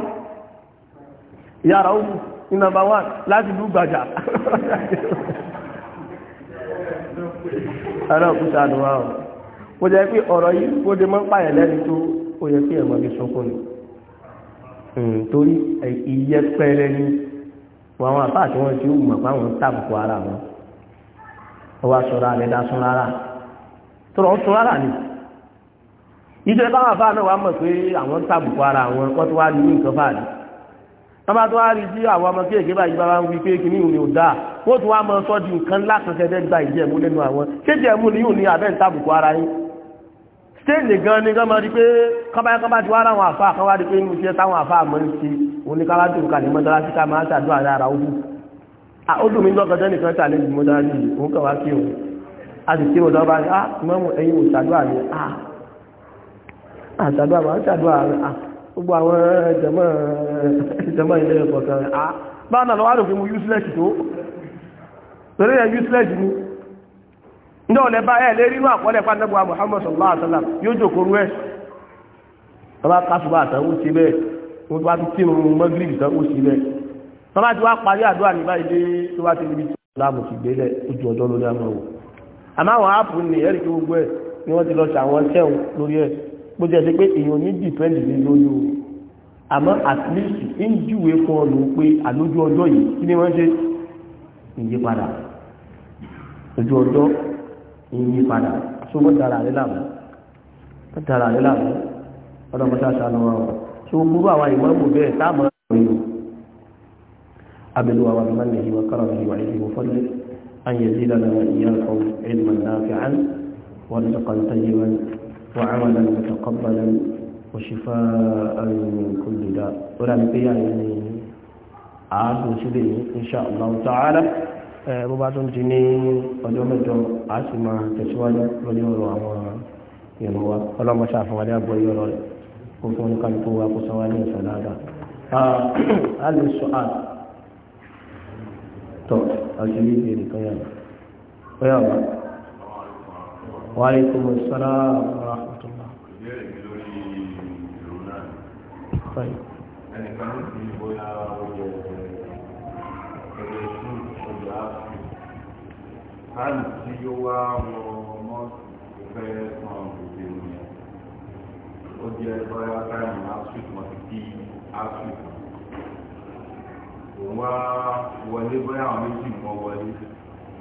yàrá ó mú ní nọmba 1 láti lú gbàjà aláàkúta àdúrà ọ̀ mo jẹ́ pé ọ̀rọ̀ yìí ó dé mọ́ pààyàn lẹ́ni tó ó yẹ kí ẹ̀mọ́ mi sọkún ni hmm, torí ìyẹ́ pẹ́ẹ́lẹ́ ní àwọn àbá àti wọn tí ó mọ̀ pé àwọn tàbùkù ara wọn ó wá sọ̀rọ̀ àlẹ́ dá sún rárá tọ̀rọ̀ sún rárá ni ìjọba àwọn àbá náà wà mọ̀ pé àwọn tàbùkù ara wọn wọ́n ti wá ní nǹkan báyìí tọ́ba tó wá rí sí àwọn ọmọ kéèké báyìí bá wá ń wí pé kí ní ìrìn òdà ó tún wá mọ sọ́ di nǹkan ńlá kan kẹ́kẹ́ gba ìjẹ̀mú lẹ́nu àwọn kéjẹ̀mú ni yóò ní abẹ́ ń tàbùkù ara yín stéèlì gan ni kọ́ máa di pé kọ́bá kọ́bá ti wá ráwọn àfa kan wá di pé inú iṣẹ́ táwọn àfa àmọ́ ń ṣe òní ká wá dùn kà ká máa ṣàdúrà lára ó dùn gbogbo àwọn jẹmọ́ ilé ẹ̀kọ́ kan rẹ̀ ah bá náà lọ́wọ́ àròfin mú useless tó torí ẹ̀ useless ni ndé ọ̀lẹ́ bá ẹ̀ lérí inú àkọọ́lẹ̀ pàtàkùn Muhammad sallallahu alaihi wasallam yóò jòkó rú ẹ̀ tọ́lá kásùbà àtàwọn ṣe bẹ́ẹ̀ wọ́n bá ti tí òun mọ́gírìbì tán ó ṣe bẹ́ẹ̀ tọ́lá ti wá parí àdúrà ní báyìí dé tó bá ti níbi tí ìsìláàmù ti gbélẹ̀ ojú ọjọ́ lórí àmọ́ wò àmọ́ àwọn áàpù ni ẹ̀rí gbogbo ẹ̀ ni wọ́n ti lọ ṣàwọn ṣẹ́wọ̀n lórí ẹ̀ bó ti ẹ̀sẹ̀ pé èèyàn ní dìpẹ́ndì lé lórí o àmọ́ at least ń júwe fún ọ lòun pé àlójú ọjọ́ yìí kí ni wọ́n ṣe ìyípadà ojú ọjọ́ ìyípadà so mọ́ dára rẹ láàmú mọ́ dára rẹ láàmú ọ̀dọ̀ mọ́ sáà sáà lọ́wọ́ so gbúrú àwọn ìmọ̀ọ́mù bẹ́ẹ̀ táàmù ọ̀rọ̀ أبلوا ومنه وكرمه وعزه وفضله أن يزيدنا وإياكم علما نافعا ورزقا طيبا وعملا متقبلا وشفاء من كل داء ولم يعني عاد وسيدي ان شاء الله تعالى bó bá tún ti ní ọjọ́ mẹ́jọ a sì máa tẹ̀síwájú lórí ọ̀rọ̀ àwọn ìrìn wa ọlọ́mọ ṣàfihàn àgbọ̀ yìí ọ̀rọ̀ rẹ̀ kó fún oníkàlùkù wa kó sanwó ní ìsàn dáadáa. a lè sọ à tọ́ àti bí ìbéèrè kan yàrá. ó yà wá. wàhálà ìkùnmọ̀ sára àwọn ará. ẹnìkan ní ti bóyá oyè ẹ̀rẹ̀ ìlú ọjà áfíì láì tí yóò wá wọ mọ́ọ̀sì tó fẹ́ san gbèsè nìyẹn ó jẹ́ bóyá táìmù áfíì mọ̀ sí kí áfíì òun wá wọlé bóyá àwọn méjì mọ́ wọlé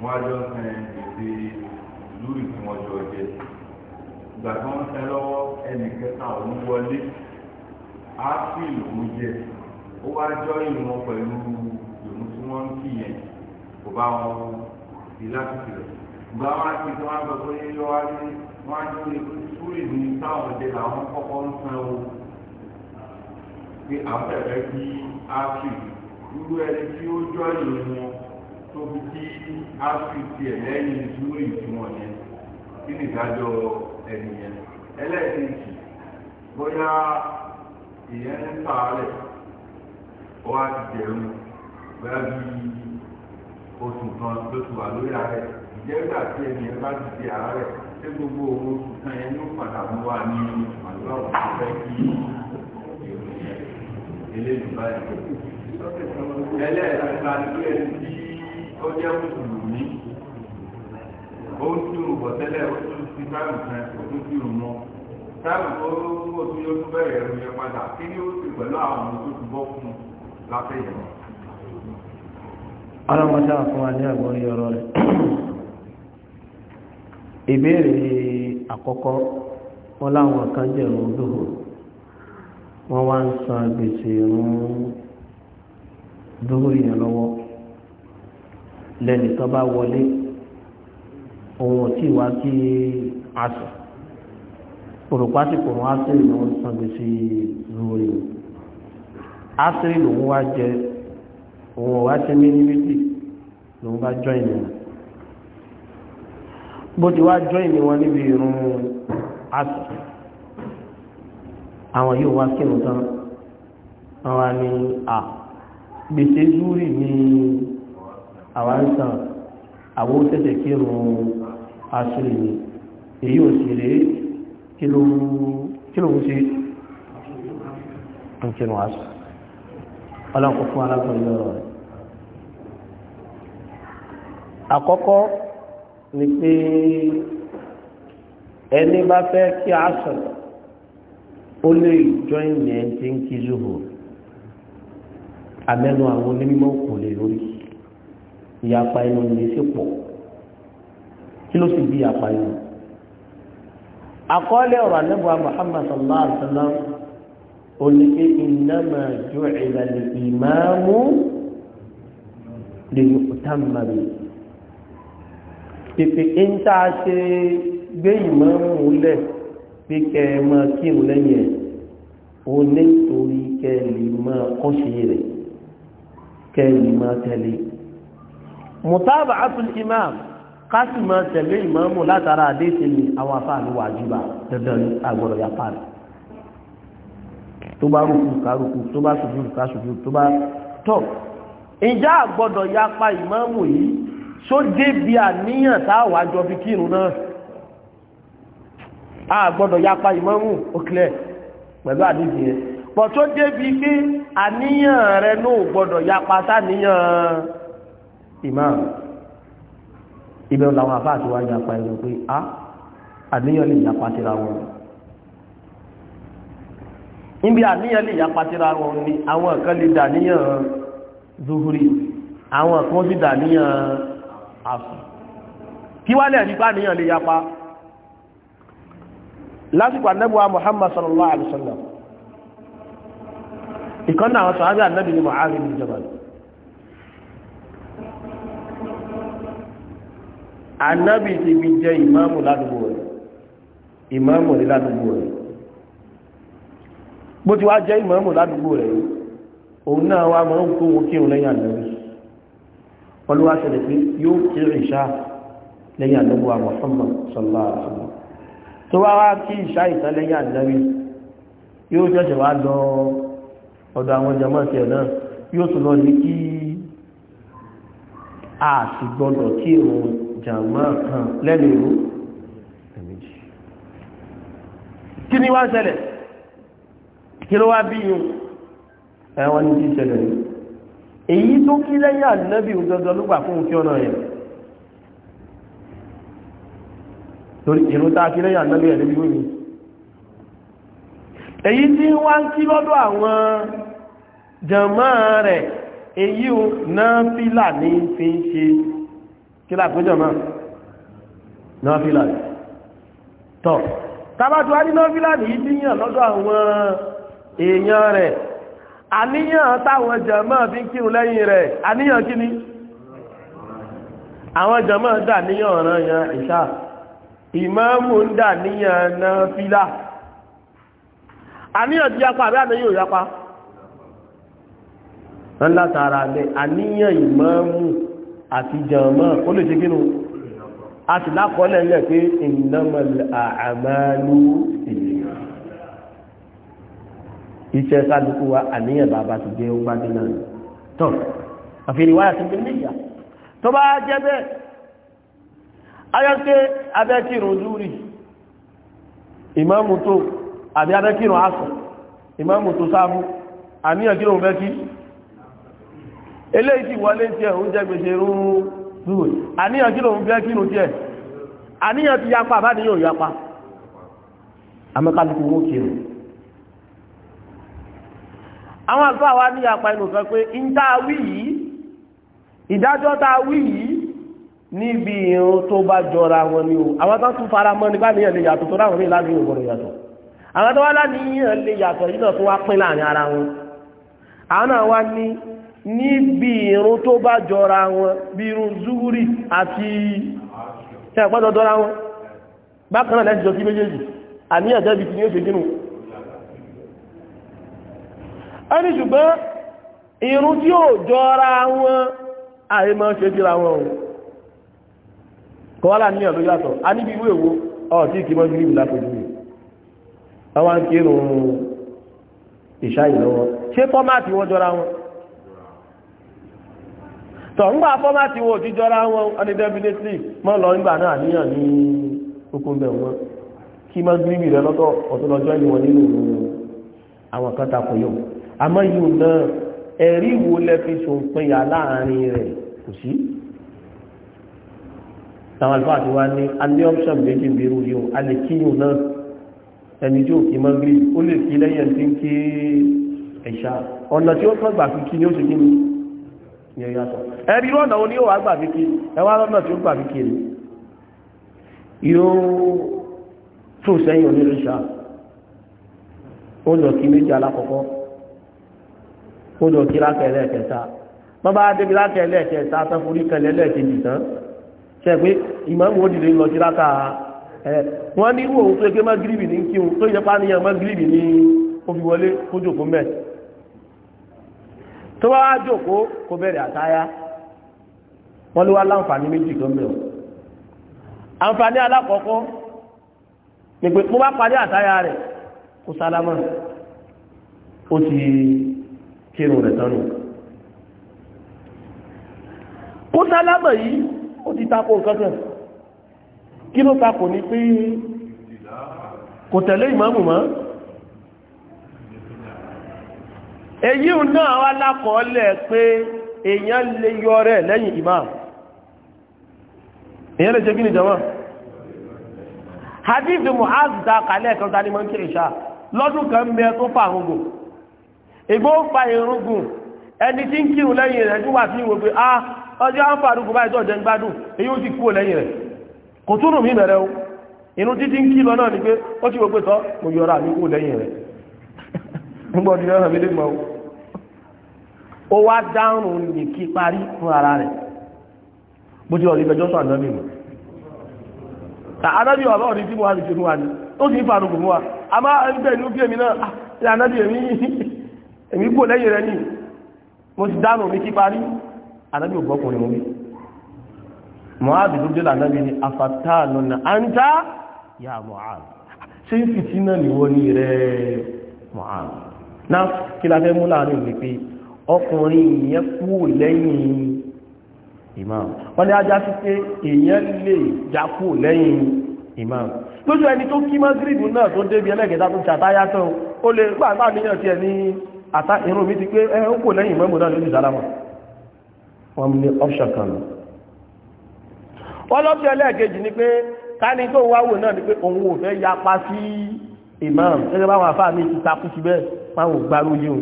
wọ́n á jọ san gbèsè lórí tí wọ́n jọ jẹ ìgbà tí wọ́n ń tẹ́ lọ́wọ́ ẹnì òun wọlé. àáfì lòún jẹ ó wá jọ ìrun pẹ̀lú ìrun tí wọ́n ń kì yẹn kò bá wọn di lásìkò rẹ̀ ìgbà wọn ti tí wọn sọ pé yíyọ wá wọn á ní sùúrì ní táwọn làwọn ń pé irú ẹni tí ó jọ lẹ́yìn sùúrì yẹn kí nìdájọ́ ẹni yẹn ẹlẹ́ẹ̀kejì bóyá. ìyẹn ń pààrẹ̀ ó wá ti jẹun bẹ́ẹ̀ bí oṣù kan ló ti wà lórí ààrẹ ìjẹ́gbà tí ẹni ẹ bá ti di ààrẹ tí gbogbo owó o kan yẹn padà mú wa ní àdúrà òkú fẹ́ kí eléyìí báyìí ẹlẹ́ẹ̀kẹta ni pé ẹni tí ó jẹ́ mùsùlùmí ó ń tún bọ̀tẹ́lẹ̀ ó tún ti bá nǹkan ó tún ti táwọn tó kó tó yóò tún bẹ̀rẹ̀ ẹ̀rù yẹn padà kí ni ó ti pẹ̀lú àwọn ọmọ tó ti bọ́ fún un láfẹ́ ìjọba. ọlọ́mọdé àfún wa ní àgbọ̀nrín ọ̀rọ̀ rẹ̀ ìbéèrè àkọ́kọ́ wọn láwọn kan jẹ̀rù olóhùn wọ́n wá ń san gbèsè ìrún dúró yẹn lọ́wọ́ lẹ́nìkan bá wọlé òun ò tí wá kí a òrùpá sì kò wọ́n ásírì ni wọ́n san gbèsè lórí o ásírì lòun wá jẹ òun ọ̀wá ṣe mí ní méjì lòun bá jọ ìnìyàn bó ti wá jọ ìnìyàn wọn níbi irun ásírì àwọn yóò wá kírun tán àwọn ni à gbèsè zúrì ni àwa ń san àwọn ó tẹ̀sẹ̀ kírun ásírì ni èyí ò sì rèé kí ló ń ṣe ń kínú aṣọ ọlọ́pọ̀ fún alágbọ̀nlẹ̀ rẹ̀ àkọ́kọ́ ni pé ẹni bá fẹ́ kí aṣọ ó lè join ní ẹni tí ń kí zuhu amẹ́nu àwọn onímọ̀ kò lè lórí ìyapa inú ní sí pọ̀ kí ló sì bí ìyapa inú àkọọ́lẹ̀ ọ̀rọ̀ àlẹ́bùwà Muhammad sallallahu alaihi wasallam oníke innama ju'ila al-imamu li yu'tamma bihi pèpè ń tá a ṣe gbé ìmáàmù lẹ̀ pé kẹ ẹ máa kírun lẹ́yìn máa kọ́ṣe rẹ̀ kẹ máa tẹ̀lé mutaba'atul imam kásì máa tẹ̀lé ìmáàmù látara àdéhìí ni àwọn afáàlú wàjúbà dandan ní agbọ́dọ̀ yapa rẹ̀ tó bá rúkú kárùkú tó bá sùjú kásùjú tó bá tọ̀ ìjà àgbọ́dọ̀ yapa ìmáàmù yìí só débi àníyàn táwàá jọ fi kírun náà a gbọ́dọ̀ yapa ìmáàmù òkìlẹ̀ pẹ̀lú àdéhìí yẹn pọ̀ tó débi pé àníyàn rẹ̀ náà gbọ́dọ̀ yapa sáníyàn ìmáàmù ibẹ̀ làwọn àbá àti wájú apá ẹ̀rọ pé a ah, àníyàn lè yà pàtìrà wọn níbi àníyàn lè yà pàtìrà wọn ni àwọn kan lè dàníyàn zuhuri àwọn kan sì dàníyàn àfù kí wá lẹ́ẹ̀ nípa àníyàn lè yapa lásìkò anábùwà Muhammad sallallahu alaihi wasallam ìkànnà àwọn sọ̀rọ̀ àbí ànábì ni Mu'adh bin Jabal anábì ti fi jẹ ìmáàmù ládùúgbò rẹ̀ ìmáàmù ní ládùúgbò rẹ̀ bó ti wá jẹ́ ìmáàmù ládùúgbò rẹ̀ òun náà wá máa ń kó wọn kírun lẹ́yìn anábì olúwa ṣẹlẹ̀ pé yóò kí ìṣá lẹ́yìn anábì wa Muhammad sallallahu alaihi wasallam tó wá wá kí ìṣá ìtàn lẹ́yìn anábì yóò ṣẹ̀ṣẹ̀ wá lọ ọ̀dọ̀ àwọn jàmáà tiẹ̀ náà yóò tún lọ ní kí a sì gbọdọ̀ jàmá kan lẹ́nu ìlú ẹ̀mẹ́jì kí ni wá ṣẹlẹ̀ kí ló wá bí yùn ẹwọ́n ní kí ṣẹlẹ̀ yìí èyí tó kí lẹ́yìn ànábì òjòjò ló gbà fún kí ọ̀nà yẹn torí ìrún tá a kí lẹ́yìn ànábì ẹ̀lẹ́bí wíwí èyí tí wá ń kí lọ́dọ̀ àwọn jàmá rẹ̀ èyí náà fílà ní fi ń ṣe kí lápéjọ máa nọ́fílà tọ́ tàbátù wá ní nọ́fílà ní ìdíyàn lọ́dọ̀ àwọn èèyàn rẹ̀ àníyàn táwọn jàmáà fi ń kírun lẹ́yìn rẹ̀ àníyàn kí ni àwọn jàmáà dà níyàn ọ̀ràn yàn ìṣà ìmáàmù ń dà níyàn nọ́fílà àníyàn ti yapa àbí àti jàmọ́ ó lè ṣe kínú a sì lákọọ́lẹ̀ lẹ̀ pé innamal a'malu ènìyàn iṣẹ́ kálukú wa àníyàn bàbá ti jẹ́ ó gbádé náà tọ́ àfihàn ìwáyà ti gbé níyà tó bá jẹ́ bẹ́ẹ̀ ayọ́pẹ́ abẹ́kìrún zúrì ìmáàmù tó àbí abẹ́kìrún asọ̀ ìmáàmù tó sáfú àníyàn kírun eléyìí ti wọlé tiẹ̀ ó jẹ́ gbèsè rúrú rúrú àníyàn kí lòun fẹ́ kírun tiẹ̀ àníyàn ti yapa ní ò yapa amẹ́kálukú owó kírun àwọn àlùfáà wa ní yapa inú pé a wí yìí ìdájọ́ tá a wí yìí níbi irun tó bá jọra wọn ni o àwọn tó tún fara mọ́ nípa yàtọ̀ tó ráwọn ní ìlànà ìwọ̀n yàtọ̀ àwọn tó wá wọn àwọn níbi irun tó bá jọra wọn bí irun zuhuri àti ṣẹ̀pọ́dọ̀ dọ́ra wọn bákanáà lẹ́sì jọ sí méjèèjì àníyàn jẹ́bi tí ní ó ṣe dínú ẹni ṣùgbọ́n irun tí ó jọra wọn àìmọ́ ṣe díra wọn ohun kọ́wàlá ní ọ̀lọ́ yàtọ̀ a níbi ìwé èwo ọ̀tí ìkìmọ́ sí ìbìlá pẹ̀lú àwọn kírùn-ún ìṣáyìlọ́wọ́ ṣé fọ́máàtì wọ́n jọra wọn tọ̀ ńgbà fọ́mátì wo òjíjọra wọn ọdídẹ́bìlẹ́tì mọ́ lọ ńgbà náà níyàn ní okùnbẹ̀ wọn kí má gírí rẹ lọ́tọ̀ ọ̀tọ́lọ́jọ́ ìwọ̀n nínú àwọn kan takò yóò àmọ́ yìí náà ẹ̀rí wo lẹ fi ṣòpinya láàrin rẹ̀ kò sí táwọn àlùfáà ti wá ní alẹ́ option méjì ń bẹ̀rù yìí a lè kí yìí náà ẹni tí ó kí má gírí ó lè kí lẹ́yìn tí ń kí ẹ̀ṣà ọ̀nà tí ó ìyẹn yàtọ̀ ẹ̀rí lọ́nà oní yóò wá gbà fi kiri ẹwà lọ́nà tí ó gbà fi kiri yóò tó sẹ́yìn onírìṣà ó lọ kí méjì alákọ̀ọ́kọ́ ó lọ kí lákẹ̀ẹ́lẹ̀ kẹta wọ́n bá débi lákẹ̀ẹ́lẹ̀ kẹta tán forí kẹlẹ́lẹ̀ kejì tán ṣe pé ìmọ̀mù òdìdè lọ sí láta ẹ̀ wọ́n ní wò ó pé kí mọ́ gírìbì ní kí òun tó yẹ pá níyàn mọ́ gírìbì ní ó fi wọlé kójò fún mẹ́ẹ̀ tó bá wá jókòó kó bẹ̀rẹ̀ àtáyá wọ́n ló wá láǹfààní méjì tó mẹ́wọ̀ àǹfààní alákọ̀ọ́kọ́ pèpè kó bá parí àtáyá rẹ̀ kó sálámà ó ti kírun rẹ̀ tán nù kó sálámà yìí ó ti tako nǹkan kí ló tako ni pé kò tẹ̀lé ìmáàmù mọ́ èyí náà wá lákọọ́lẹ̀ pé èyàn lè yọ rẹ̀ lẹ́yìn imam Èyàn lè ṣe kí ni jọmọ́ hadith mu'az ta kalẹ̀ kan ta mọ́ ń kí ìṣà lọ́dún kan mẹ́ tó fà àwọn ìgbó fa ẹni tí ń kírun lẹ́yìn rẹ̀ tí wà sí ìwò pé ah ọjọ́ ń báyìí tó jẹ́ gbádùn èyí ó ti gbogbo ọdún yóò hàn mí lè ó wá dáhùn ní kí parí fún ara rẹ̀ bó ti ọ̀rí ìgbẹ́jọ́ sọ mọ̀ ọ̀rọ̀ ọ̀rí tí mo wá ṣe fún wa ni ó sì ń fa a máa ń bẹ̀ ní ó bí náà ah, èmi kò lẹ́yìn rẹ̀ mo ti kí parí ya mọ́háàbì ah, ń ní rẹ̀ náà kí la fẹ́ mú láàrin ìwé pé ọkùnrin ìyẹn kú lẹ́yìn imam wọ́n ní ajá sí pé èèyàn lè já kú lẹ́yìn imam lójú ẹni tó kí magrib náà tó débi ẹlẹ́gẹ̀ẹ́ta tó ṣàtáyá tán ó lè gbàgbà níyàn tiẹ̀ ní àtà irun mi ti pé ẹ ó kò lẹ́yìn mọ́mọ́ náà lójú sálámà wọ́n ní option kan lọ wọ́n lọ́pẹ́ ẹlẹ́ẹ̀kejì ni pé ká ní tó wáwò náà ni pé òun ò fẹ́ yapa sí imam gẹ́gẹ́ bá wọn afáàmì ti takú sí bẹ́ẹ̀ máwọn ò gbarú yìí o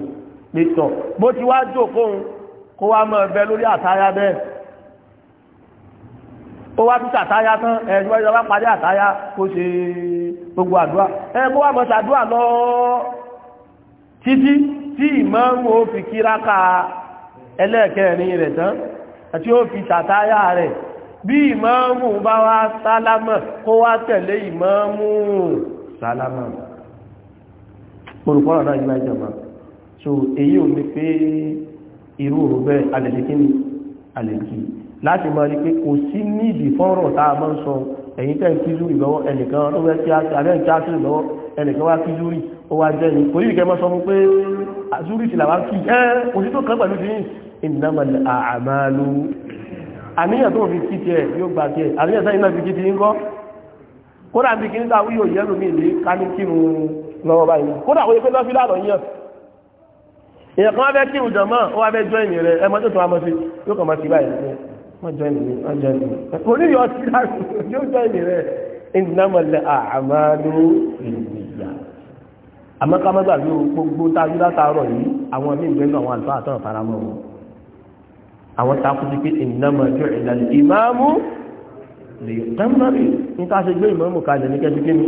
pé tọ̀ bó ti wá jókòó kó wá mọ̀ ẹ̀bẹ lórí àtáyá bẹ́ẹ̀ ó wá tún tàtáyá tán ẹ̀yìn wáyé wá parí àtáyá kó ṣe gbogbo àdúrà ẹ kó wá mọ̀ ṣàdúrà lọ títí tí imam ó fi kíráka ẹlẹ́ẹ̀kẹrin rẹ̀ tán àti ó fi tàtáyá rẹ̀ bí ìmáàmù bá wá sálámà kó wá tẹ̀lé ìmáàmù sálámà olùkọ́rọ̀ náà yíwá ìjọba so èyí ò ní pé irú òru bẹ́ẹ̀ alẹ́lẹ́kíní alẹ́kí láti máa rí pé kò sí nídìí fọ́rọ̀ tá a máa ń sọ ẹ̀yìn tẹ́ ń kí zúrì lọ́wọ́ ẹnìkan tó fẹ́ kí alẹ́ ń kí ásírì lọ́wọ́ ẹnìkan wá kí zúrì ó wá jẹ́ ní kò yí kẹ́ mọ́ sọ fún pé zúrì lọ́wọ́ báyìí kódà kò yẹ pé lọ́fílà lọ yàn èèyàn kan wá fẹ́ kí ìrùjọ mọ́ ó wá fẹ́ jọ ìmì rẹ ẹ mọ́ tó tó wá mọ́ sí yóò kàn mọ́ sí báyìí wọ́n jọ ìmì wọ́n jọ ìmì oníyọ̀ sí láti yóò jọ ìmì rẹ ìnámọ̀lẹ̀ àmàlú ìrìnìyà àmọ́ ká má gbàgbé gbogbo tájú látàárọ̀ yìí àwọn míì gbẹ́nu àwọn àlùfáà àtọ̀rọ̀ faramọ́ wọn àwọn takùsí pé ìnáma jọ ìlànà ìmáàmù lè tẹ́mọ́rì ní ká ṣe gbé ìmáàmù kalẹ̀ ní kẹ́síkẹ́ni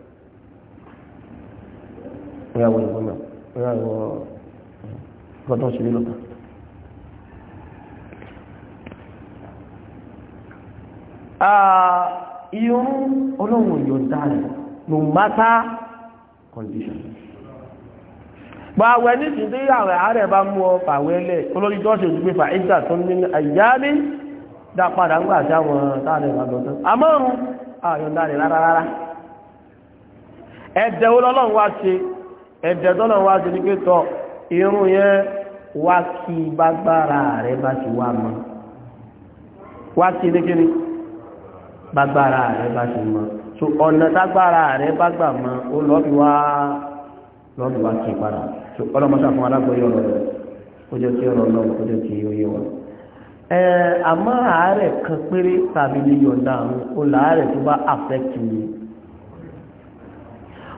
bóyá wọ ìbọn náà bóyá wọ gbọdọ̀ sí lílọ kan. irun ọlọ́run yọ̀ǹda rẹ̀ no matter condition gbàwẹ̀ nísìn tí àwẹ̀ àárẹ̀ bá mú ọ fàwẹ́ lẹ̀ olórí jọ́sẹ̀ ìdúgbé fà ìjà tó ní àyà ní dápadà ń gbà sí àwọn táàrẹ̀ ìrànlọ́tọ́ àmọ́rún àyọ̀ǹda rẹ̀ rárá rárá ẹ̀dẹ̀ olọ́lọ́run wá ṣe ẹ̀dẹ̀ tọ́lọ̀ wá sí ní pé tọ irun yẹn wá kí bágbára rẹ bá ti wá mọ́ wá kí ní kíni bágbára rẹ bá ti mọ́ so ọ̀nà tágbára rẹ bá gbà mọ́ ó lọ́bi wá lọ́bi wá kí padà so ọlọ́mọṣà fún alágbóyọ̀ ọ̀rọ̀ rẹ̀ ó jẹ́ kí ọ̀rọ̀ náà ó jẹ́ kí ó yé wọn àmọ́ àárẹ̀ kan péré tàbí lè yọ̀nda àrùn o láàárẹ̀ tó bá affect mi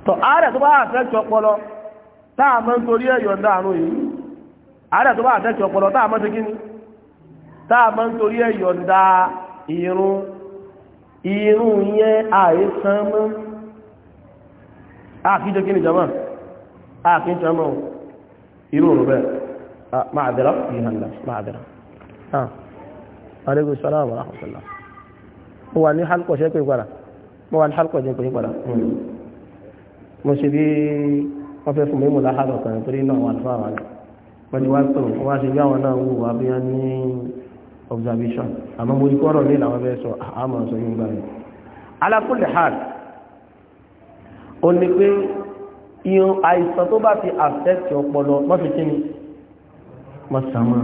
tọ̀ àárẹ̀ tó bá affect ọpọlọ táà mọ́ nítorí ẹ̀yọ̀ ǹda àrùn yìí àárẹ̀ tó bá àtẹ́kì ọpọlọ táà mọ́ ti kí ni táà mọ́ nítorí ẹ̀yọ̀ ǹda ìrun ìrun yẹn àìsàn mọ́ àkíjọ kí ni jama àkíjọ mọ́ ìrun rẹ̀ máa bẹ̀rẹ̀ ìhànlá máa bẹ̀rẹ̀ ah aleykum salaam wa rahmatulah mo wà ní halkọ̀ ṣe pé padà mo wà ní halkọ̀ ṣe pé padà hmm. mo ṣe bí wọ́n fẹ́ fún mi mú láhàdọ̀ kan torí náà wà fún àwọn àgbà wọ́n ti wá pè wọ́n wá ṣe bí àwọn náà wù wá bí wọ́n ní observation àmọ́ mo ní kọ́rọ̀ ní làwọn fẹ́ sọ àmọ́ sọ yín gbà yẹn. ala kulli hal ó ní pé iyan àìsàn tó bá ti affect ọpọlọ wọ́n fi kíni wọ́n sàmọ́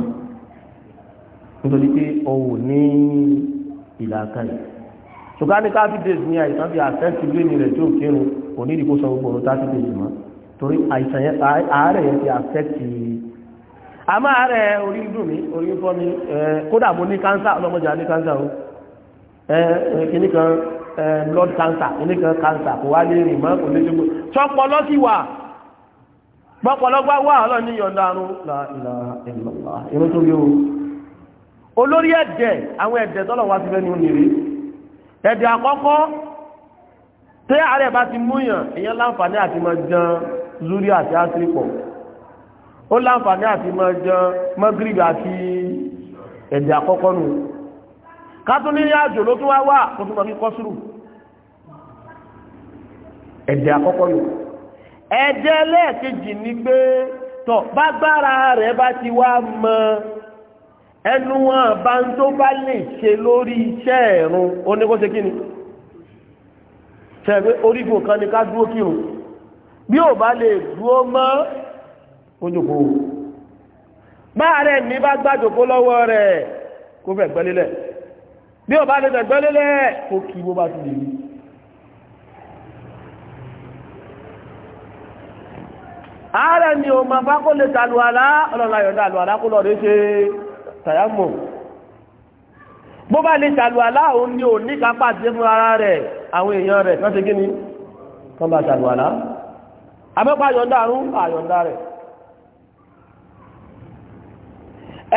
nítorí pé ọ̀wọ̀ ní ìlàkà yìí ṣùgbọ́n ní káfíńdé ní àìsàn ti affect ìgbéni rẹ̀ tó kírun kò ní ìdíkó sọ gbogbo ọ̀rọ̀ táfíńdé yìí mọ́ torí àìsàn yẹn àárẹ̀ yẹn ti àfẹ́kì àmọ́ àárẹ̀ orí dùn mí orí fọ́ mi kódà mo ní kánsà ọlọ́mọdé ní cancer, o kìíní kan blood cancer kìíní kan cancer kò wá lè rìn mọ́ kò lè ṣe gbogbo sọpọlọ sí wà pọpọlọgbà wà ọlọ́ni yọ̀ǹda àrùn la ilaha illallah irun tó bí o olórí ẹ̀dẹ̀ àwọn ẹ̀dẹ̀ tọ́lọ̀ wá sí fẹ́ni onírè ẹ̀dẹ̀ àkọ́kọ́ tẹ́ àárẹ̀ bá ti múyàn èèyàn láǹfààní àti máa jẹun zuri àti asiri pọ̀ ó láǹfààní àti mọ́jọ mọ́gírìgì àti ẹ̀dẹ̀ àkọ́kọ́ nù kátó ní àjò ló tún wá wà kó tún mọ́ kí kọ́sùrù ẹ̀dẹ̀ àkọ́kọ́ nù ẹ̀dẹ̀ lẹ́ẹ̀kejì ni pé tọ̀ bágbára rẹ̀ bá ti wá mọ ẹnu wọn bá ń tó bá lè ṣe lórí iṣẹ́ ẹ̀rùn oníkóṣe kí ni ṣẹ̀gbẹ́ orígun kan ni ká dúró kírun bí ò bá lè dúó mọ́ ojúkó bá rẹ̀ ní bá gbájòkó lọ́wọ́ rẹ̀ kó fẹ́ gbẹ́lélẹ̀ bí ò bá lè fẹ́ gbẹ́lélẹ̀ kó kí bó bá ti lè rí ààrẹ ni o ma bá kó lè tàlù àlá ọlọ́la àlù àlá kó lọ rí ṣe tàyámọ̀ bó bá lè tàlù àlá òun ni ò ní kápá àti fún ara rẹ̀ àwọn èèyàn rẹ̀ lọ́sẹ̀ gíní kan bá tàlù àlá àmẹ́pá àyọ̀ndà àrùn àyọ̀ndà rẹ̀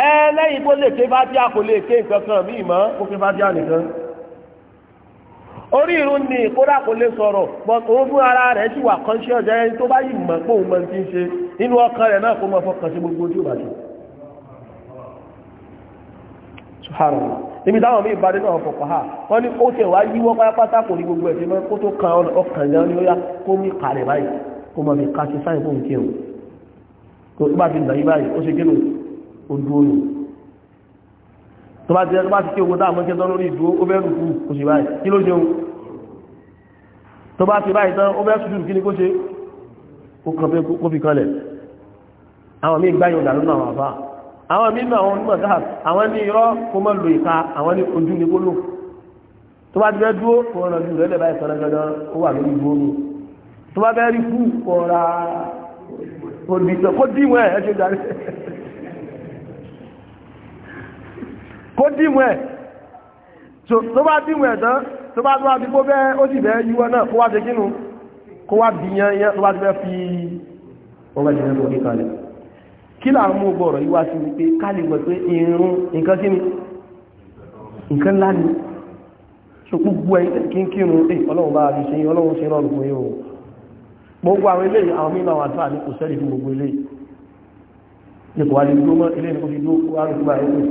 ẹlẹ́yìn tó lè ké fátíà kò lè ké nǹkankan mí mọ́ kó ké fátíà nìkan orí irun ni kódà kò lè sọ̀rọ̀ òun fún ara rẹ̀ sì wà conscious ẹni tó bá yìí mọ̀ pé òun mọ̀ ti ń ṣe nínú ọkàn rẹ̀ náà kó mọ̀ fọkàn sí gbogbo tí ó bá ṣe subhanallah táwọn míì bá náà fọ̀pọ̀ ha wọ́n ní ó tẹ̀ yíwọ́ pátápátá kò ní gbogbo ẹ̀sìn mọ́ kó tó kan ọkàn yẹn ní ó yá kó mí kalẹ̀ báyìí kó mọ́ fi ká sí sáì fún kírun tó bá ti dàí báyìí ó ṣe kírun ó dúó nù tó bá ti rẹ́ bá ti kí ogun dáàmọ́ kí tán lórí ìdúó ó bẹ́rù kú kò sí báyìí kí ló ṣeun tó bá ti báyìí tán ó bẹ́ sùdúrù kí ni kó ṣe ó kàn pé kó fi kanlẹ̀ àwọn míì gbáyìn ọ̀dà lónà àwọn àbá àwọn míì náà àwọn onímọ̀ gáà àwọn ní irọ́ kó mọ́ lò ìka àwọn ní ojú ni kó lò tó bá ti rẹ́ dúó kó rán ojú rẹ̀ lẹ̀ báyìí tán lọ́gọ́dọ́ ó wà lórí ìdúó tó bá bẹ́ẹ̀ rí fún ọ̀rá òdìsọ̀ kó dìmọ̀ ẹ̀ ẹ̀ṣẹ́ darí kó dìmọ̀ ẹ̀ tó bá dìmọ̀ ẹ̀ tán tó bá tó wá bí kó bẹ́ẹ̀ ó sì bẹ́ẹ̀ yíwọ́ náà kó wá ṣe kínú kó wá bí yan yẹn tó wá ti bẹ́ẹ̀ fi ọgbẹ́ ìṣẹ́ tó kíkalẹ̀ kí là ń mú gbọ́rọ̀ yíwá sí wípé ká lè mọ̀ pé irun nǹkan kí ni nǹkan ńlá ni so gbogbo ẹ̀ kí ń eh, ọlọ́run bá rí ṣe ọlọ́run ṣe rọrùn fún yóò gbogbo àwọn ilé àwọn mímọ̀ wà táà ní kò sẹ́rì fún gbogbo ilé ní kò wá lè dúró mọ́ ilé ní kò fi dúró wá lè gbà ẹ̀kọ́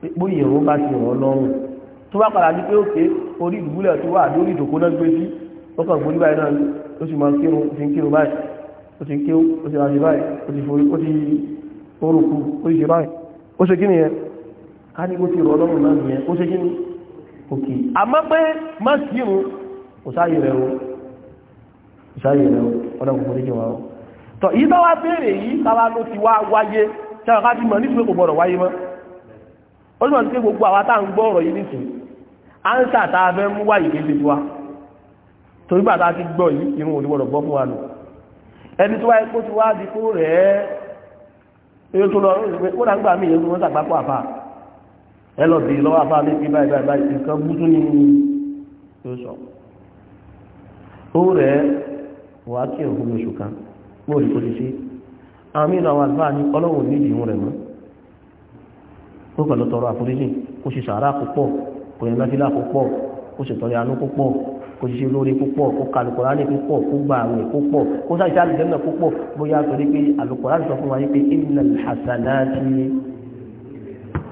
pípò ìyẹ̀wò bá ti rọ̀ lọ́rùn tó bá padà ní pé ó ké orí ìdúgbúlẹ̀ tó wà lórí ìdòkó náà gbé sí ó kàn gbórí báyìí náà ó sì máa kírun ó ti ń kírun báyìí ó ti ń kéwú ó ti ráṣẹ báyìí ó ti forí ó ti orúkú ó ti ṣe báyìí ó ṣe kí nìyẹn ká ní kó ìsáyè rẹ̀ ọlọ́run kò níjẹ̀ wọn tọ̀ yìí tó yìí ló ti wá wáyé tí àwọn káàdì mọ̀ wáyé mọ́ ó sì mọ̀ sí gbogbo tá à ń gbọ́ a fẹ́ mú wáyé kéde ti gbọ́ yìí gbọ́ fún wa ẹni tó wáyé kó ti wá di kó rẹ̀ ẹ́ èyí tó lọ ó ń gbà mí èyí tó sàgbákò wà á kí òkú lóṣù kan bóòlù kó ti ṣe àwọn míì lọ àwọn àlùfáà ní ọlọ́wọ́ ní ìdìmú rẹ̀ mọ́ ó pẹ̀lú tọrọ àforíjì kó ṣe sàárà púpọ̀ kò yẹn lọ́sílà púpọ̀ kó ṣe tọrẹ àánú púpọ̀ kò ṣe lórí púpọ̀ kó ka alukoraani púpọ̀ kó gba àwẹ̀ púpọ̀ kó sáà ìṣe àlùjẹ́nà púpọ̀ bóyá torí pé alukoraani sọ fún wa pé pé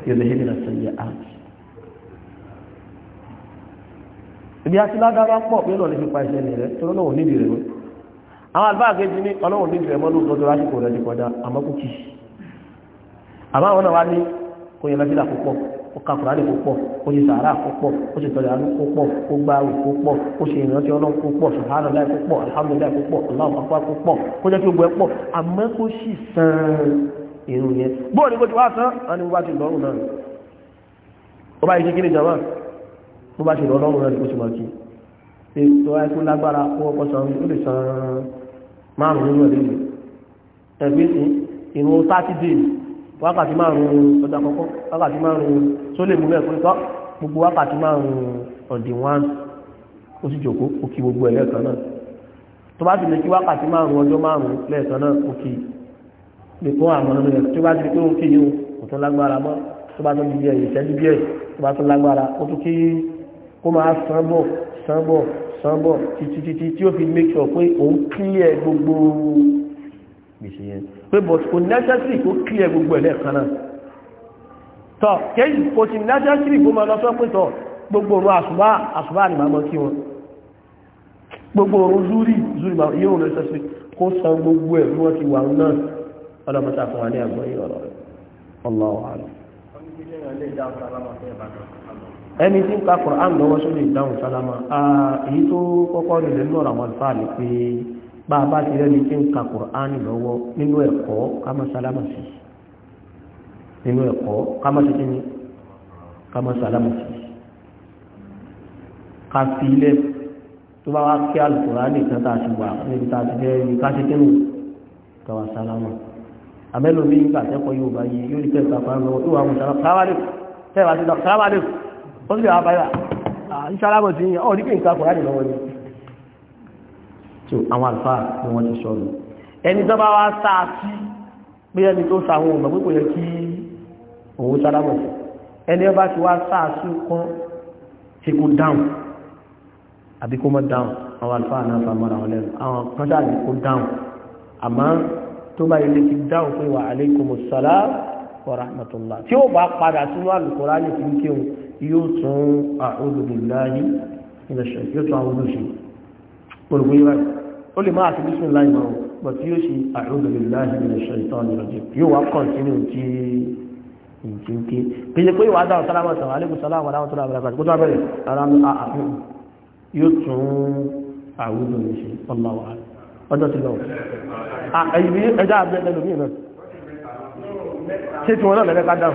lọ́ọ̀ lè fi pa àwọn àlùfáà kejì ní ọlọ́run nífẹ̀ẹ́ mọ́ lóòótọ́ tó lásìkò rẹ̀ ti kọjá àmọ́ kò kì í àmọ́ àwọn náà wá ní kò yẹ lọ́sílà púpọ̀ ó ka fúrádì púpọ̀ ó ṣe sàárà púpọ̀ ó ṣe tọ́jà àánú púpọ̀ ó gba àwẹ̀ púpọ̀ ó ṣe ìrántí ọlọ́run púpọ̀ sùhánà láì ni kó sì máa kí ètò àìkú lágbára ó wọ́pọ̀ san ó lè san márùn nínú ẹ̀rí rẹ̀ ẹ̀gbẹ́ sí ìrún sátidé wákàtí márùn ọjà kọ́kọ́ wákàtí márùn tó lè múlẹ̀ pé tọ́ gbogbo wákàtí márùn ọ̀dì wọn ó sì jòkó ó kí gbogbo ẹ̀ lẹ́ẹ̀kan náà tó bá sì lè kí wákàtí márùn ọjọ́ márùn lẹ́ẹ̀kan náà ó kí lè kó àwọn ọmọ rẹ̀ tó bá ti pé ó kí yìí ó tún lágbára mọ́ tó bá tún di bí ẹ̀ ìṣẹ́jú bí ẹ̀ tó bá tún lágbára ó tún kí kó máa sàn bọ̀ sánbọ̀ sánbọ̀ títí títí tí ó fi make sure pé òun clear gbogbo gbèsè yẹn pé but o necessary kó clear gbogbo ẹ̀ lẹ́ẹ̀kan náà tọ́ kéyì kò sí necessary kó máa lọ sọ pé tọ́ gbogbo òun àṣùbá àṣùbá ni màá mọ́ kí wọn gbogbo òun zúrì zúrì màá yóò necessary kó san gbogbo ẹ̀ bí wọ́n ti wà náà ọlọ́mọta fún wa ní àgbọ̀yé ọ̀rọ̀ ọlọ́wọ́ àlọ́ ẹni tí ń ka Qur'an lọ́wọ́ sórí ìdáhùn sálámà èyí tó kọ́kọ́ rẹ̀ lẹ́nu ọ̀rọ̀ àwọn àlùfáà ni pé bá a bá ti rẹ́ni tí ń ka Qur'an lọ́wọ́ nínú ẹ̀kọ́ kámá sálámà sí nínú ẹ̀kọ́ kámá sí kíni kámá sálámà sí ká fi ilẹ̀ tó bá wá kí Al-Qur'an nìkan tá a ti wà níbi tá a ti jẹ́ ibi ká ti kínú káwá sálámà àmẹ́lòmí ń gbà tẹ́kọ̀ọ́ yóò bá yí yóò ó sì wá báyà ìṣàlámọ̀ tí ó rí pé nǹkan kò ráyè lọ́wọ́ ni so àwọn àlùfáà ni wọ́n ti sọ̀rọ̀ ẹni tó bá wá sáà sí pé ẹni tó sàwọn òmà pé kò yẹ kí òun sálámọ̀ sí ẹni ọba ti wá sáà sí kan ṣe kó dáhùn àbí kó mọ́ dáhùn àwọn àlùfáà náà fa mọ́ra wọn lẹ́nu àwọn kan sáà ní kó dáhùn àmọ́ tó bá ilé ti dáhùn pé wa alaikumus salam wa rahmatullah tí ó bá padà sínú àlùkò ráyè fi ń kéwọn yóò tún a'udhu billahi minash shaitan yóò tún àwọn olóṣè olùgbé láì ó lè máa fi bísùn láì máa bọ̀ tí yóò ṣe a'udhu billahi minash shaitanir rajim yóò wá kọ̀ǹtínú tí ìjì ń ké kéje pé ìwà dáhùn sálámà sàn alaikum salam wa rahmatullahi wa barakatuh kó tó wá bẹ̀rẹ̀ ara mi àfihàn yóò tún àwọn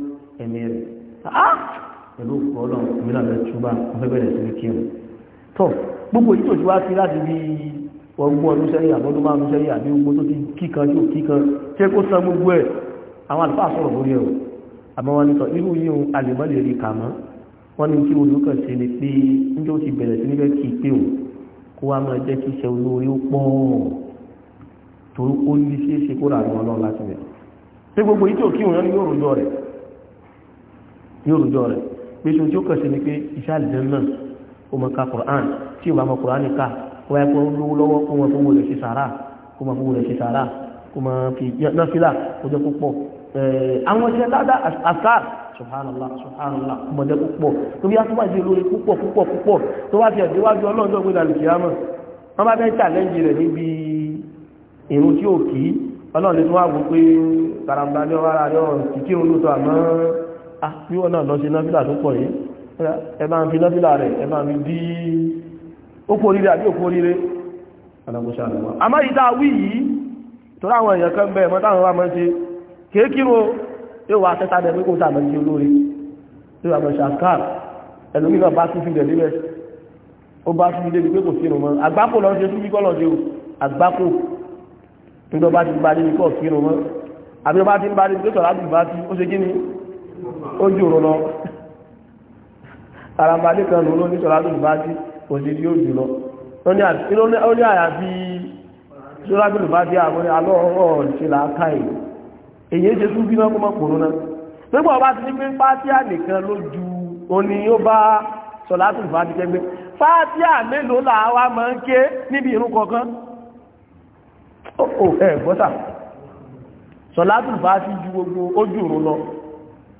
ẹ̀mí rẹ̀ ah! pẹ̀lú ọlọ́run mi náà fẹ́ túbá mo fẹ́ bẹ̀rẹ̀ sí kí o tọ́ gbogbo yìí tó ti wá sí láti bí ọgbọ́n ọdún sẹ́yìn àbọ́dún márùn sẹ́yìn àbí gbogbo tó ti kíkan tí ó kíkan tí kó san gbogbo ẹ̀ àwọn àlùfáà sọ̀rọ̀ lórí ẹ̀ o àmọ́ wọn ní sọ irú yìí ohun àlèmọ́lẹ̀ rí kà mọ́ wọ́n ní kí olùkọ́ ṣe ni pé níjọ́ ti bẹ̀rẹ̀ sí níbẹ̀ kí pé o kó wá máa jẹ́ kí iṣẹ́ olórí ó pọ̀ torí ó ní ṣeéṣe kó rà lọ́wọ́ láti bẹ̀rẹ̀ ní òrùjọ rẹ̀ pé tó tí ó kàn sí ni pé iṣẹ́ àlìjẹ́ náà ó mọ ka Qur'an tí ò bá mọ Qur'an ká ó yẹ kó lówó lọ́wọ́ kó mọ fowó rẹ̀ ṣe sàárà kó mọ fowó rẹ̀ ṣe sàárà kó mọ fi náà fílà kó jẹ́ kó pọ̀ àwọn iṣẹ́ dáadáa àṣà subhanallah subhanallah ọmọdé púpọ̀ tó bí asúmọ̀ sí olórí ìrún tí ó kìí ọlọ́ọ̀dẹ́ tó wá wò pé karambá ní ọwára rẹ̀ ọ̀rùn kìkírun lóòótọ́ àmọ́ àpíwọ́ ah, náà lọ sí náfílà tó pọ̀ yìí ẹ máa ń fi náfílà rẹ̀ ẹ máa ń fi dí ókú oríire àbí òkú oríire alágbóṣà rẹ̀ wá àmá ìdá wí yìí tó láwọn èèyàn kan bẹ́ẹ̀ mọ́tàwọn wá mọ́ sí kéékìrò yóò wá tẹ́ta dẹ̀ pé kò tà mọ́ sí olóore yóò wá mọ́ ṣàkàr ẹlòmínà bá tún fi dẹ̀ níbẹ̀ ó bá tún fi débi pé kò sínú mọ́ àgbákò lọ ṣe síbí kọ́ lọ ṣe o àgbákò nígbà bá ti bá débi kọ́ sínú mọ́ àbí bá ti ń bá débi pé sọ̀rọ̀ àbí bá ti ó jùrù lọ àràmàdé kan lòó ní sọ́lá tó bá sí òdìdí ó jùlọ ó ní àyàfi sọ́lá tó bá sí àwọn alọ́ọ̀rọ̀ ṣe làákà èyí èyí ṣe tún bí náà kó mọ́ kòrò náà nígbà ọba ti ní pé fátíà nìkan ló ju òní ó bá sọ́lá tó bá sí kẹgbẹ́ fátíà mélòó làwa máa ń ké níbi ìrun kọ̀ọ̀kan ó ẹ̀ bọ́tà sọ́lá tó bá sí ju gbogbo ó jùrù lọ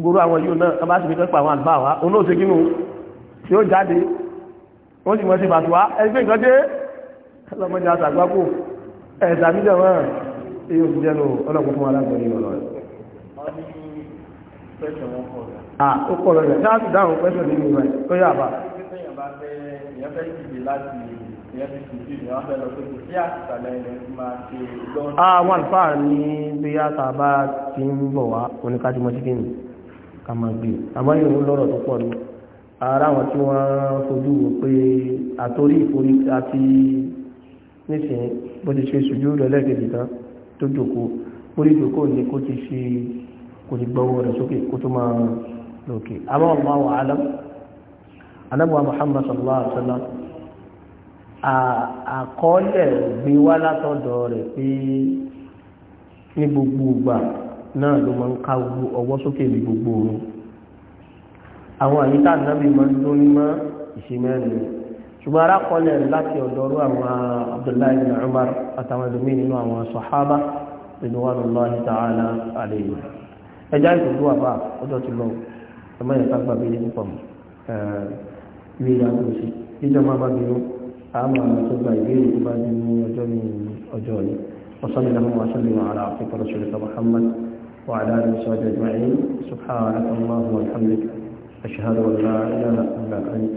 gbogbo àwọn yóò náà tọ́bá sì fi kẹ́pà àwọn àgbà wá olóòṣè kínú tí ó jáde wọ́n sì mọ́ sí bàtúwá ẹgbẹ́ nǹkan dé ọlọ́mọdé àtàgbákò ẹ̀ẹ̀dà mílíọ̀ mọ́ èyí òkú jẹ́nu ọlọ́pọ̀ fún alágbọ̀n nínú ọ̀rọ̀ rẹ̀. ah ó kọ̀ rẹ̀ náà sì dáhùn pẹ́sẹ̀ nínú rẹ̀ ó yà bá. àwọn àlùfáà ní bí yàtà bá ti ń bọ̀ wá oníkájúmọ́ sí kí ni ká máa gbé àmáyé òun lọ́rọ̀ tó pọ̀ ní ara wọn tí wọ́n fojú wò pé àtórí ìforí àti nísìnyí bó ti ṣe ṣojú rẹ̀ lẹ́ẹ̀kejì tán tó jòkó bórí jòkó ni kó ti ṣe kò ní gbọ́wọ́ rẹ̀ sókè kó tó máa lòkè àmọ́ ọmọ àwọn alam náà ló máa ń ká ọwọ́ sókè ní gbogbo òun àwọn àyíká nàbì máa ń dún ní mọ́ ìṣẹ́mẹ́rin ṣùgbọ́n arákọọ́lẹ̀ láti ọ̀dọ́rú àwọn Abdullahi bin Umar àtàwọn ẹ̀dùnmí nínú àwọn sọ̀hábà nínú wọn lọ́wọ́ ní ta'ala àlejò ẹjá ìtòdó àbá ọjọ́ ti lọ ọmọ yẹn ká gbàgbé ní púpọ̀ ìwé ìyàwó sí ìjọba bá bínú àmà tó gba ìbéèrè tó bá dín ní ọjọ́ ní ọjọ́ yìí وصلى اللهم وسلم على عبدك ورسولك محمد وعلى آله وصحبه أجمعين سبحانك اللهم وبحمدك أشهد أن لا إله إلا أنت